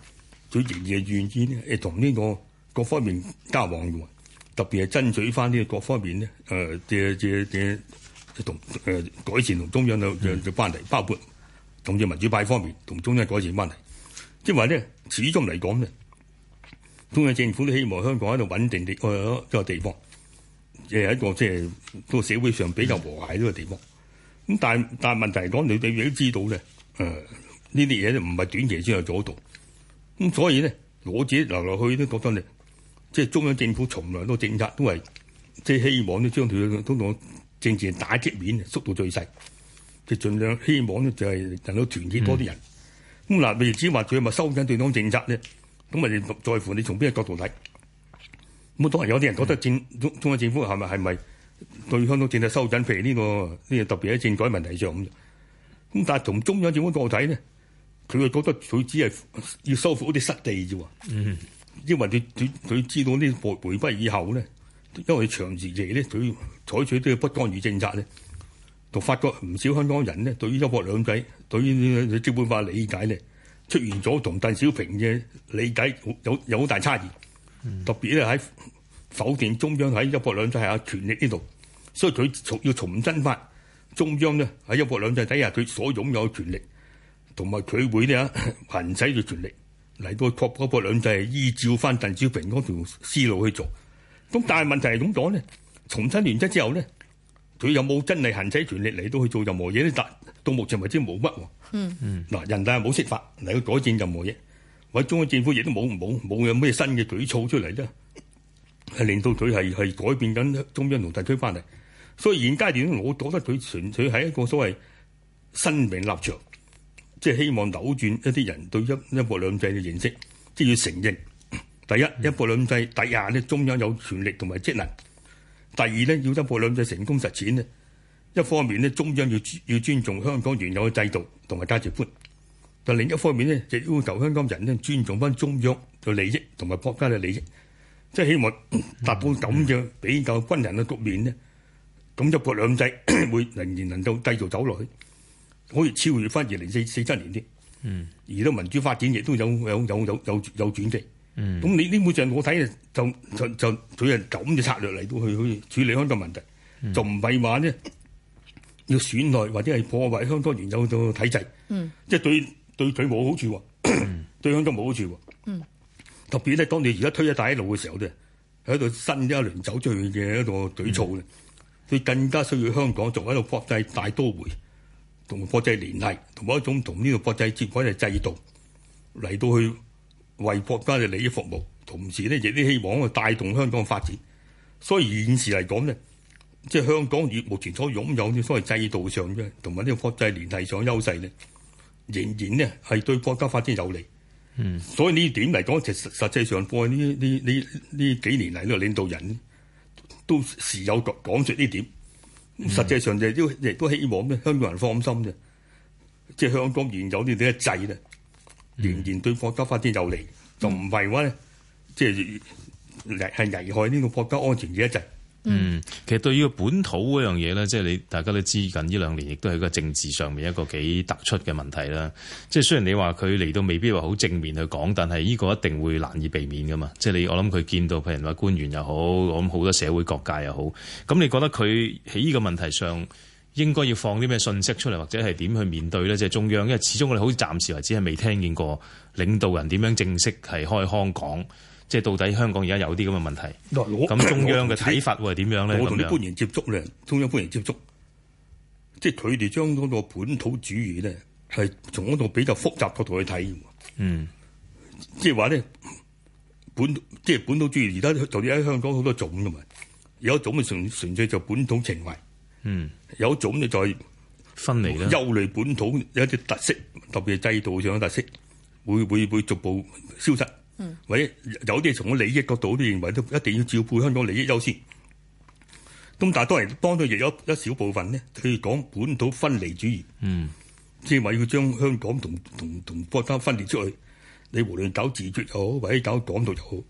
佢仍然願意咧，同呢個各方面交往嘅。特別係爭取翻啲各方面咧，誒、呃，即係同誒改善同中央嘅嘅關係，包括同只民主派方面同中央改善關係。即係話咧，始終嚟講咧，中央政府都希望香港喺度穩定地一個地方，即係一個即係個社會上比較和諧一個地方。咁但但問題嚟講，你哋亦都知道咧，誒呢啲嘢咧唔係短期先有做到。咁所以咧，我自己留落去都覺得呢。即係中央政府從來都政策都係即係希望咧將佢對黨政治打擊面縮到最細，即係儘量希望咧就係能夠團結多啲人。咁、嗯、嗱，你只話佢係咪收緊對黨政策咧？咁咪在乎你從邊個角度睇？咁當然有啲人覺得政、嗯、中中央政府係咪係咪對香港政策收緊，譬如呢個？呢、呢個特別喺政改問題上咁。咁但係從中央政府角度睇咧，佢覺得佢只係要收復一啲失地啫喎。嗯。因為佢佢佢知道呢回回歸以後咧，因為長時期咧，佢採取啲不干預政策咧，就發覺唔少香港人咧對於一國兩制對於對於基本法理解咧出現咗同鄧小平嘅理解有有好大差異，嗯，特別咧喺否定中央喺一國兩制係下權力呢度，所以佢要重申翻中央咧喺一國兩制底下佢所擁有嘅權力同埋佢會咧行使嘅權力。嚟到託嗰個兩制，依照翻鄧小平嗰條思路去做。咁但係問題係咁講呢，重新原則之、之後呢，佢有冇真係行使權力嚟到去做任何嘢咧？但到目前為止冇乜喎。嗯嗯，嗱，人大冇釋法嚟到改善任何嘢，或者中央政府亦都冇冇冇有咩新嘅舉措出嚟啫，係令到佢係係改變緊中央同特區翻嚟。所以現階段我覺得佢純粹係一個所謂新嘅立場。即係希望扭轉一啲人對一一國兩制嘅認識，即係要承認第一一國兩制底下，第二呢中央有權力同埋職能，第二呢要一國兩制成功實踐呢，一方面呢中央要要尊重香港原有嘅制度同埋價值觀，但另一方面呢就要求香港人咧尊重翻中央嘅利益同埋國家嘅利益，即係希望、嗯、達到咁嘅比較均衡嘅局面呢，咁一國兩制會仍然能夠繼續走落去。可以超越翻二零四四七年啲、嗯，而都民主發展亦都有有有有有有轉機。咁你基本上我睇就就就佢人咁嘅策略嚟到去去處理香港問題，嗯、就唔係話呢要損害或者係破壞香港原有個體制，即、嗯、係、就是、對對佢冇好處，嗯， *coughs* 對香港冇好處。嗯、特別咧，當你而家推一帶一路嘅時候咧，喺度新一輪走出去嘅一個舉措咧，佢、嗯、更加需要香港做喺度國際大都會。同國際聯繫，同埋一種同呢個國際接軌嘅制度嚟到去為國家嘅利益服務，同時咧亦都希望去帶動香港嘅發展。所以現時嚟講咧，即係香港以目前所擁有嘅所謂制度上嘅，同埋呢個國際聯繫上優勢咧，仍然咧係對國家發展有利。嗯，所以呢點嚟講，實實際上過去呢呢呢呢幾年嚟呢個，領導人都時有講講出呢點。實際上就亦都亦都希望畀香港人放心啫，即係香港現有呢啲嘅制咧，仍然對國家發展有利，嗯、就唔係話，咧，即係係危害呢個國家安全嘅一制。嗯，嗯，其實對於本土嗰樣嘢咧，即係你大家都知，近呢兩年亦都係個政治上面一個幾突出嘅問題啦。即係雖然你話佢嚟到未必話好正面去講，但係呢個一定會難以避免噶嘛。即係你我諗佢見到譬如話官員又好，我諗好多社會各界又好，咁你覺得佢喺呢個問題上應該要放啲咩信息出嚟，或者係點去面對呢？即係中央，因為始終我哋好似暫時為止係未聽見過領導人點樣正式係開腔講。即係到底香港而家有啲咁嘅問題，咁中央嘅睇法會係點樣咧？我同啲官員接觸咧，中央官員接觸，即係佢哋將嗰個本土主義咧，係從嗰個比較複雜角度去睇。嗯，即係話咧，本即係本土主義，而家就先喺香港好多種㗎嘛，有一種嘅純粹就本土情懷，嗯，有一種就係分離啦，憂慮本土有一啲特色，特別係制度上嘅特色，會會會逐步消失。嗯、或者有啲從利益角度都認為都一定要照顧香港利益優先，咁但係當然當中亦有一小部分呢，佢講本土分離主義，即係話要將香港同同同國家分裂出去。你無論搞自決又好，或者搞港獨又好，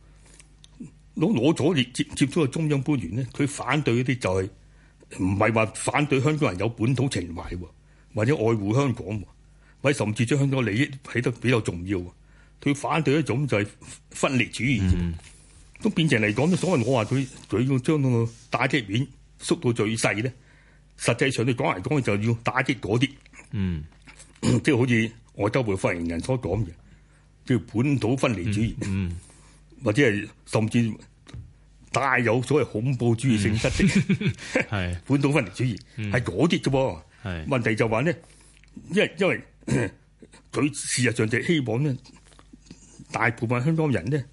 都攞咗接接觸嘅中央官員呢，佢反對嗰啲就係唔係話反對香港人有本土情懷，或者愛護香港，或者甚至將香港利益睇得比較重要。佢反對一種就係分裂主義，嗯、都變成嚟講所謂，我話佢，佢要將嗰個打擊面縮到最細咧。實際上，你講嚟講去就要打擊嗰啲，即、嗯、係、 *coughs* 就是、好似外交部發言人所講嘅，叫、就是、本土分裂主義，嗯嗯、或者係甚至帶有所謂恐怖主義性質嘅、嗯、 *laughs* *coughs* 本土分裂主義，係嗰啲啫噃。問題就話、是、咧，因為因為佢事實上就係希望咧。大部分香港人呢，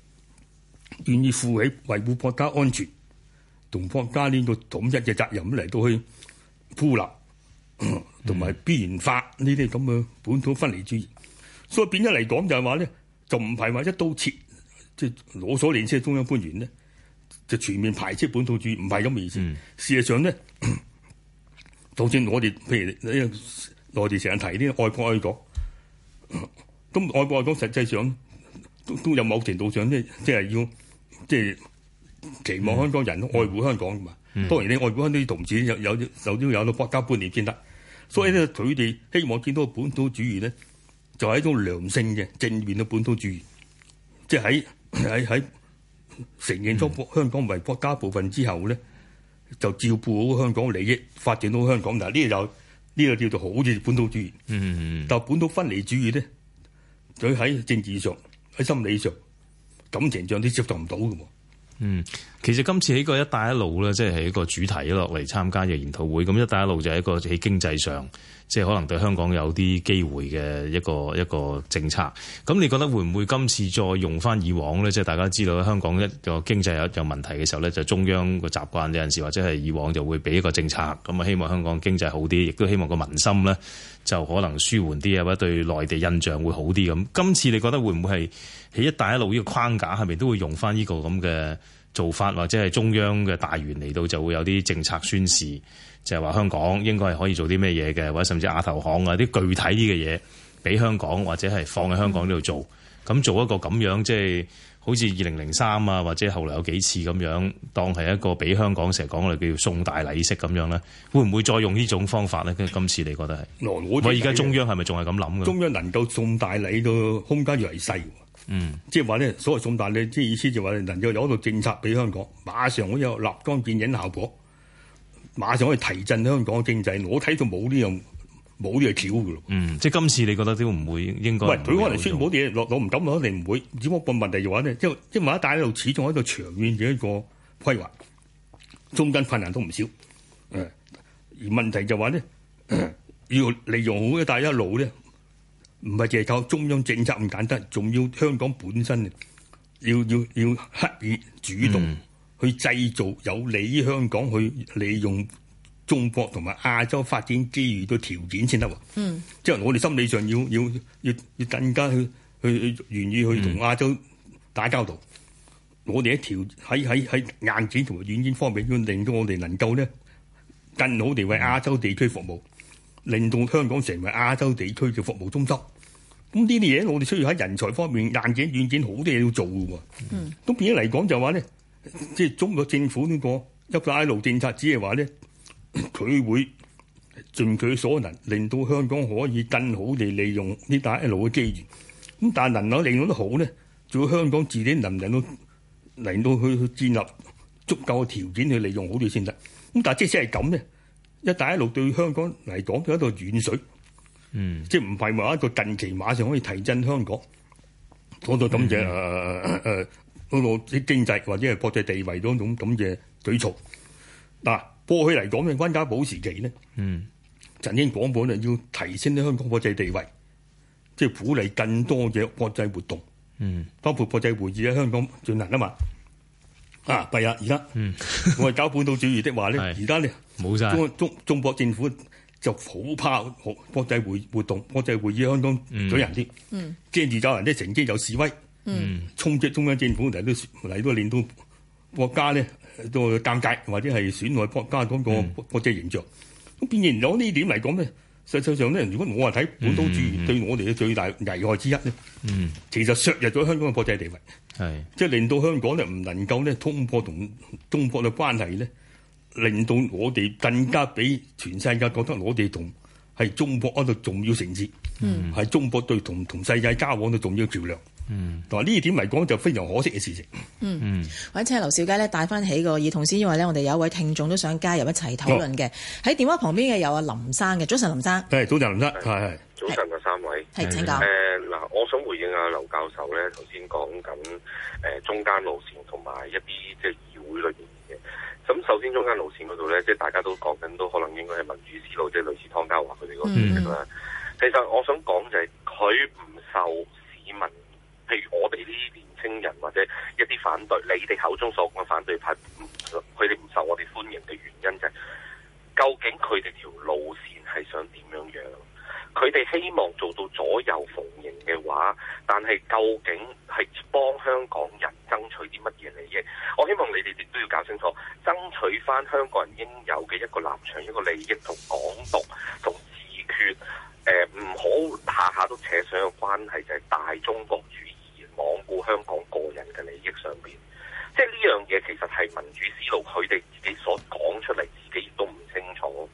願意負起維護國家安全同國家呢個統一嘅責任嚟到去孤立同埋邊緣化呢啲咁嘅本土分離主義，嗯、所以變咗嚟講就係話呢，就唔係話一刀切，即係攞咗連車中央官員呢，就全面排斥本土主義，唔係咁嘅意思、嗯。事實上呢，就算我哋譬如內地成日提啲愛國愛黨，咁愛國愛黨實際上。都都有某程度上，即要即係要即係期望香港人愛護香港嘛、嗯。當然你愛護香港啲同志有有有啲有到國家觀念先得。所以咧，佢、嗯、哋希望見到本土主義咧，就係、是、一種良性嘅正面嘅本土主義，即喺喺喺承認咗香港為國家部分之後咧、嗯，就照顧好香港利益，發展到香港嗱。呢就呢、這個叫做好似本土主義，嗯但係、嗯、但本土分離主義咧，佢喺政治上。喺心理上、感情上都接受唔到嘅。嗯，其實今次喺個一帶一路咧，即係係一個主題落嚟參加嘅研討會。咁一帶一路就係一個喺經濟上。即係可能對香港有啲機會嘅一個一個政策，咁你覺得會唔會今次再用翻以往呢？即係大家知道香港一個經濟有有問題嘅時候呢，就中央個習慣有陣時或者係以往就會俾一個政策，咁啊希望香港經濟好啲，亦都希望個民心呢，就可能舒緩啲啊，或者對內地印象會好啲咁。今次你覺得會唔會係喺一帶一路呢個框架係咪都會用翻呢個咁嘅做法，或者係中央嘅大員嚟到就會有啲政策宣示？就係、是、話香港應該係可以做啲咩嘢嘅，或者甚至亞投行啊啲具體啲嘅嘢，俾香港或者係放喺香港呢度做，咁做一個咁樣即係好似二零零三啊，或者後來有幾次咁樣，當係一個俾香港成日講嚟叫送大禮式咁樣咧，會唔會再用呢種方法咧？跟住今次你覺得係、哦？我而家中央係咪仲係咁諗嘅？中央能夠送大禮嘅空間越嚟細，嗯，即係話咧所謂送大禮，即係意思就話能夠有一個政策俾香港，馬上會有立竿見影效果。馬上可以提振香港嘅經濟，我睇到冇呢樣冇呢嘢招嘅。嗯，即係今次你覺得都唔會應該唔會？喂，佢可能先啲嘢落落唔敢，肯定唔會。只不過個問題就話、是、咧，即係即一帶一路始終喺度長遠嘅一個規劃，中間困難都唔少、嗯。而問題就話、是、呢，要利用好一帶一路呢，唔係淨係靠中央政策唔簡單，仲要香港本身要要要，要刻意主動。嗯去製造有利於香港去利用中國同埋亞洲發展機遇嘅條件先得喎。嗯，即係我哋心理上要要要要更加去去願意去同亞洲打交道。我哋喺調喺喺喺硬件同埋軟件方面要令到我哋能夠咧更好地為亞洲地區服務，令到香港成為亞洲地區嘅服務中心。咁呢啲嘢我哋需要喺人才方面、硬件、軟件好多嘢要做嘅喎。嗯，咁變咗嚟講就話咧。即係中國政府呢個一帶一路政策只呢，只係話咧，佢會盡佢所能，令到香港可以更好地利用呢帶一，一路嘅機遇。咁但係能夠利用得好咧，仲要香港自己能唔能夠嚟到去建立足夠嘅條件去利用好啲先得。咁但係即使係咁咧，一帶一路對香港嚟講，只係一個遠水，嗯，即係唔係話一個近期馬上可以提振香港。講到咁嘅誒誒度啲經濟或者係國際地位嗰種咁嘅舉措，嗱過去嚟講，嘅溫家寶時期咧，嗯，曾經講本要提升香港國際地位，即係鼓勵更多嘅國際活動，嗯，包括國際會議喺香港進行啊嘛、嗯，啊，第日而家，嗯，我 *laughs* 係搞本土主義的話咧，而家咧冇曬中中國政府就好怕國際活活動，國際會議香港舉人啲，嗯，驚住搞人啲，趁機又示威。嗯，衝擊中央政府，就係嚟到令到國家咧都尷尬，或者係損害國家嗰個國際形象。咁變然咗呢點嚟講咧，實際上咧，如果我係睇本土主義對我哋嘅最大危害之一咧，嗯，其實削弱咗香港嘅國際地位，係即係令到香港咧唔能夠咧通過同中國嘅關係咧，令到我哋更加俾全世界覺得我哋同係中國一個重要城市，嗯，係中國對同同世界的交往嘅重要橋樑。嗯，同埋呢點嚟講就非常可惜嘅事情。嗯，請劉兆佳咧帶翻起個耳筒。同先因為咧我哋有一位聽眾都想加入一齊討論嘅。喺電話旁邊嘅有阿林生嘅，早晨林生。係早晨林生，係早晨啊三位。係，請講。誒嗱，我想回應啊劉教授咧，頭先講緊誒中間路線同埋一啲即係議會裏邊嘅。咁首先中間路線嗰度咧，即係大家都講緊都可能應該係民主思路，即係類似湯家驊佢哋嗰啲啦。其實我想講就係佢唔受。譬如我哋呢啲年青人，或者一啲反對你哋口中所講嘅反對派，唔佢哋唔受我哋歡迎嘅原因就係，究竟佢哋條路線係想點樣樣？佢哋希望做到左右逢迎嘅話，但係究竟係幫香港人爭取啲乜嘢利益？我希望你哋亦都要搞清楚，爭取翻香港人應有嘅一個立場、一個利益同港獨同自決，唔好下下都扯上個關係就係大中國主義。罔顧香港個人嘅利益上邊，即係呢樣嘢其實係民主思路，佢哋自己所講出嚟，自己亦都唔清楚。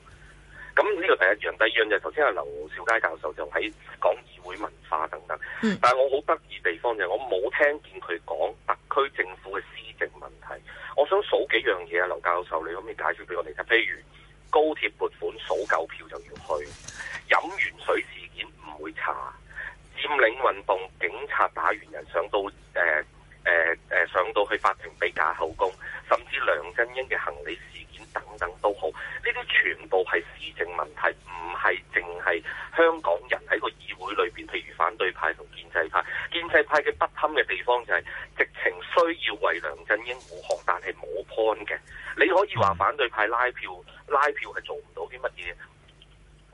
咁呢個第一樣、第二樣就係頭先阿劉兆佳教授就喺講議會文化等等。嗯，但係我好得意地方就係我冇聽見佢講特區政府嘅施政問題。我想數幾樣嘢啊，劉教授，你可唔可以介紹俾我哋？就譬如高鐵撥款數夠票就要去飲完水事件唔會查。佔領運動，警察打完人上到誒、呃呃、上到去法庭俾假口供，甚至梁振英嘅行李事件等等都好，呢啲全部係施政問題，唔係淨係香港人喺個議會裏邊，譬如反對派同建制派，建制派嘅不堪嘅地方就係直情需要為梁振英護航，但係冇 point 嘅。你可以話反對派拉票拉票係做唔到啲乜嘢，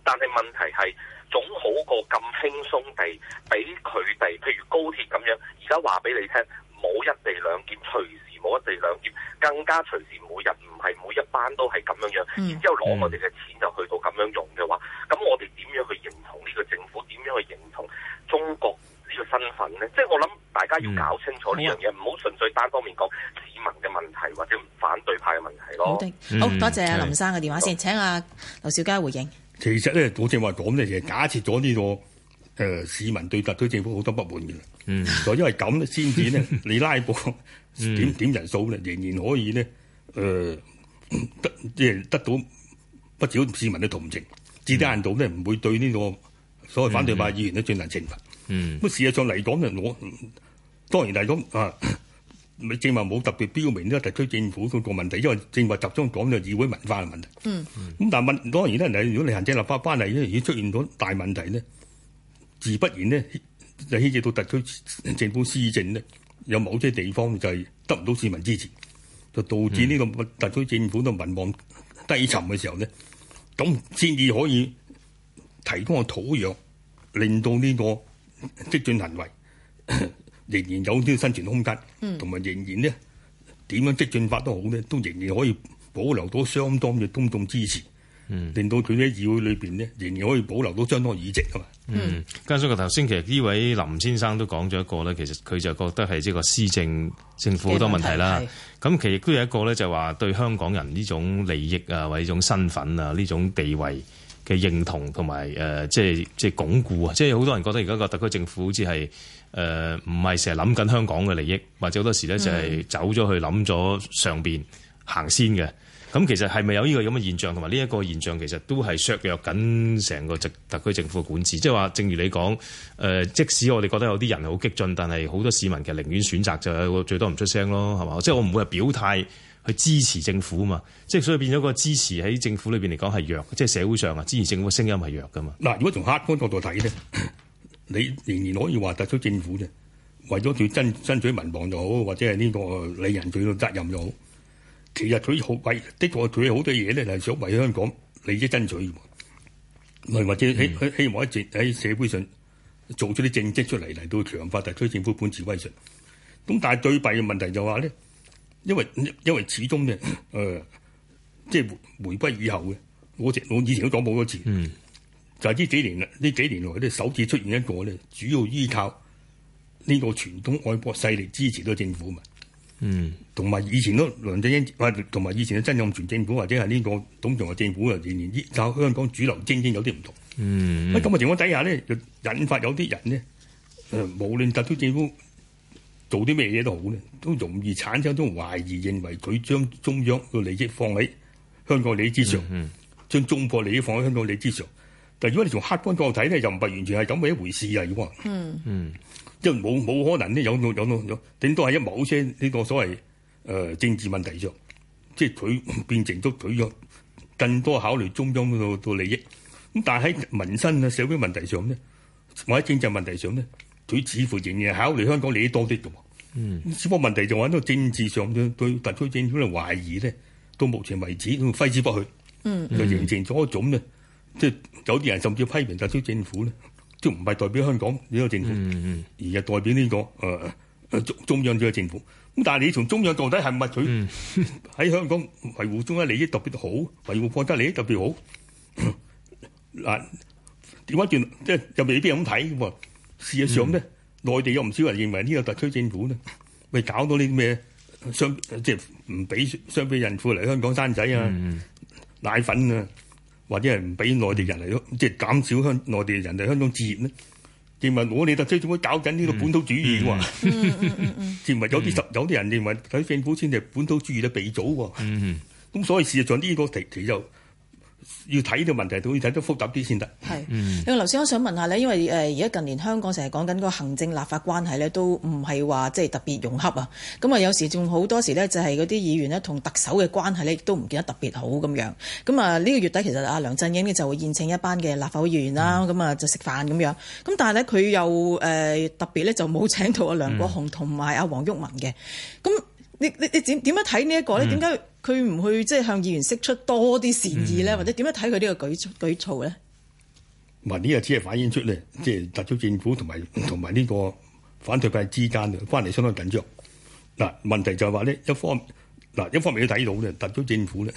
但係問題係。總好過咁輕鬆地俾佢哋，譬如高鐵咁樣，而家話俾你聽，冇一地兩檢，隨時冇一地兩檢，更加隨時每日唔係每一班都係咁樣樣，然之後攞我哋嘅錢就去到咁樣用嘅話，咁、嗯、我哋點樣去認同呢個政府？點樣去認同中國呢個身份呢？即、嗯、係、就是、我諗大家要搞清楚呢樣嘢，唔好純粹單方面講市民嘅問題或者反對派嘅問題咯。好、oh，多謝阿林生嘅電話先，請阿劉兆佳回應。其實咧，我正話講咧，就係假設咗呢、這個誒、呃、市民對特區政府好多不滿嘅，就、嗯、因為咁咧，先至咧你拉布點點人數咧，仍然可以咧誒、呃、得即係得到不少市民嘅同情，至低限度咧唔、嗯、會對呢個所謂反對派議員咧進行懲罰。咁、嗯嗯、事實上嚟講咧，我當然係咁啊。你正話冇特別標明呢個特區政府個問題，因為正話集中講咗議會文化嘅問題。嗯，咁但問當然咧，如果你行政立法班嚟已經出現咗大問題咧，自不然咧，就牽涉到特區政府施政咧，有某些地方就係得唔到市民支持，就導致呢個特區政府嘅民望低沉嘅時候咧，咁先至可以提供個土壤，令到呢個激進行為。 *coughs* 仍然有啲生存空間，同、嗯、埋仍然呢點樣激進法都好呢都仍然可以保留到相當嘅公眾支持，嗯、令到佢喺議會裏邊呢，仍然可以保留到相當議席啊嘛。嗯，加上個頭先其實呢位林先生都講咗一個呢，其實佢就覺得係即係個施政政府好多問題啦。咁其實都有一個呢，就話對香港人呢種利益啊，或者種身份啊，呢種地位嘅認同同埋誒，即係即係鞏固啊。即係好多人覺得而家個特區政府好似係。誒唔係成日諗緊香港嘅利益，或者好多時咧就係走咗去諗咗上邊、嗯、行先嘅。咁其實係咪有呢個咁嘅現象，同埋呢一個現象其實都係削弱緊成個特特區政府嘅管治。即係話，正如你講，誒、呃，即使我哋覺得有啲人好激進，但係好多市民其實寧願選擇就係最多唔出聲咯，係嘛？即、就、係、是、我唔會係表態去支持政府啊嘛。即係所以變咗個支持喺政府裏邊嚟講係弱，即、就、係、是、社會上啊支持政府嘅聲音係弱噶嘛。嗱，如果從客觀角度睇咧。你仍然可以話特區政府啫，為咗去爭爭取民望又好，或者係呢個理人做嘅責任又好。其實佢好為的確，佢好多嘢咧，就係想為香港利益爭取，嗯、或者希、嗯、希望一直喺社會上做出啲政績出嚟嚟到強化特區政府本次威信。咁但係最弊嘅問題就話、是、咧，因為因為始終咧，誒、呃，即係回歸以後嘅，我我以前都講過好多次。嗯就係、是、呢幾年啦，呢幾年來咧，首次出現一個咧，主要依靠呢個傳統愛國勢力支持到政府嘛。嗯，同埋以前都梁振英，同埋以前嘅曾蔭權政府，或者係呢個董建華政府，仍然依靠香港主流精英有啲唔同。嗯，咁嘅情況底下咧，就引發有啲人咧，無論特區政府做啲咩嘢都好咧，都容易產生一種懷疑，認為佢將中央嘅利益放喺香港利益之上，嗯嗯、將中國利益放喺香港利益之上。但如果你從客觀角度睇咧，就唔係完全係咁嘅一回事啊！如果嗯嗯，即係冇冇可能咧，有有有，頂多係一某些呢個所謂誒、呃、政治問題上，即係佢變成咗佢更多考慮中央嘅嘅利益。咁但係喺民生啊、社會問題上咧，或者政治問題上咧，佢似乎仍然考慮香港利益多啲嘅。嗯，呢個問題就喺度政治上對特區政府嘅懷疑咧，到目前為止都揮之不去。嗯，就形成咗一種咧。嗯嗯即係有啲人甚至批評特區政府咧，即唔係代表香港呢個政府，嗯嗯、而係代表呢、這個誒、呃、中中央嘅政府。咁但係你從中央到底係咪佢喺香港維護中央利益特別好，維護國家利益特別好？嗱， *laughs* 點解斷即係又未必咁睇？事實上咧，內、嗯、地有唔少人認為呢個特區政府咧，咪、就係、搞到呢啲咩相即係唔俾雙非孕婦嚟香港生仔啊、嗯嗯、奶粉啊？或者係唔俾內地人嚟咯，即係減少香內地人嚟香港置業呢？認為我哋特區政府點解搞緊呢個本土主義喎。認為、嗯嗯、 *laughs* 有啲十有啲人認為喺政府先係本土主義嘅鼻祖喎、哦。咁、嗯、 *laughs* 所以事實上呢、呢個其其就。要睇呢條問題，都要睇得複雜啲先得。係、嗯，因為頭先我想問下咧，因為誒而家近年香港成日講緊個行政立法關係咧，都唔係話即係特別融洽啊。咁啊，有時仲好多時咧，就係嗰啲議員咧同特首嘅關係咧，亦都唔見得特別好咁樣。咁啊，呢個月底其實阿梁振英就會宴請一班嘅立法會議員啦，咁、嗯、啊就食飯咁樣。咁但係咧，佢又誒特別咧就冇請到阿梁國雄同埋阿黃毓民嘅。咁你你你點點樣睇呢一個咧？點、嗯、解？佢唔去即係向議員釋出多啲善意咧、嗯，或者點樣睇佢呢個舉舉措咧？嗱，呢個只係反映出咧，即、就、係、是、特區政府同埋同埋呢個反對派之間嘅關係相當緊張。嗱、啊，問題就係話呢，一方嗱、啊、一方面要睇到咧，特區政府咧，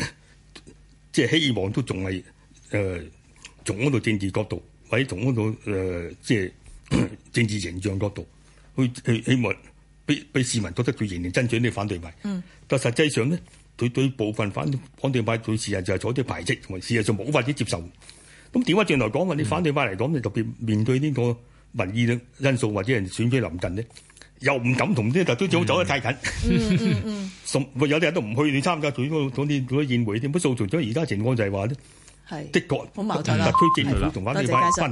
即、就、係、是、希望都仲係誒從嗰度政治角度，或者從嗰度誒即係政治形象角度去去希望俾俾市民覺得佢仍然爭取啲反對派。嗯，但實際上咧。對對部分反反對派對事實就係坐啲排斥，同埋事實上冇法子接受。咁點翻轉頭講話，你反對派嚟講，你特別面對呢個民意嘅因素或者人選舉臨近咧，又唔敢同啲特區政府走得太近。嗯嗯嗯。咁有啲人都唔去你參加最多嗰啲嗰啲宴會添，咁造成咗而家情況就係話咧，係的確特區政府同反對派翻嚟。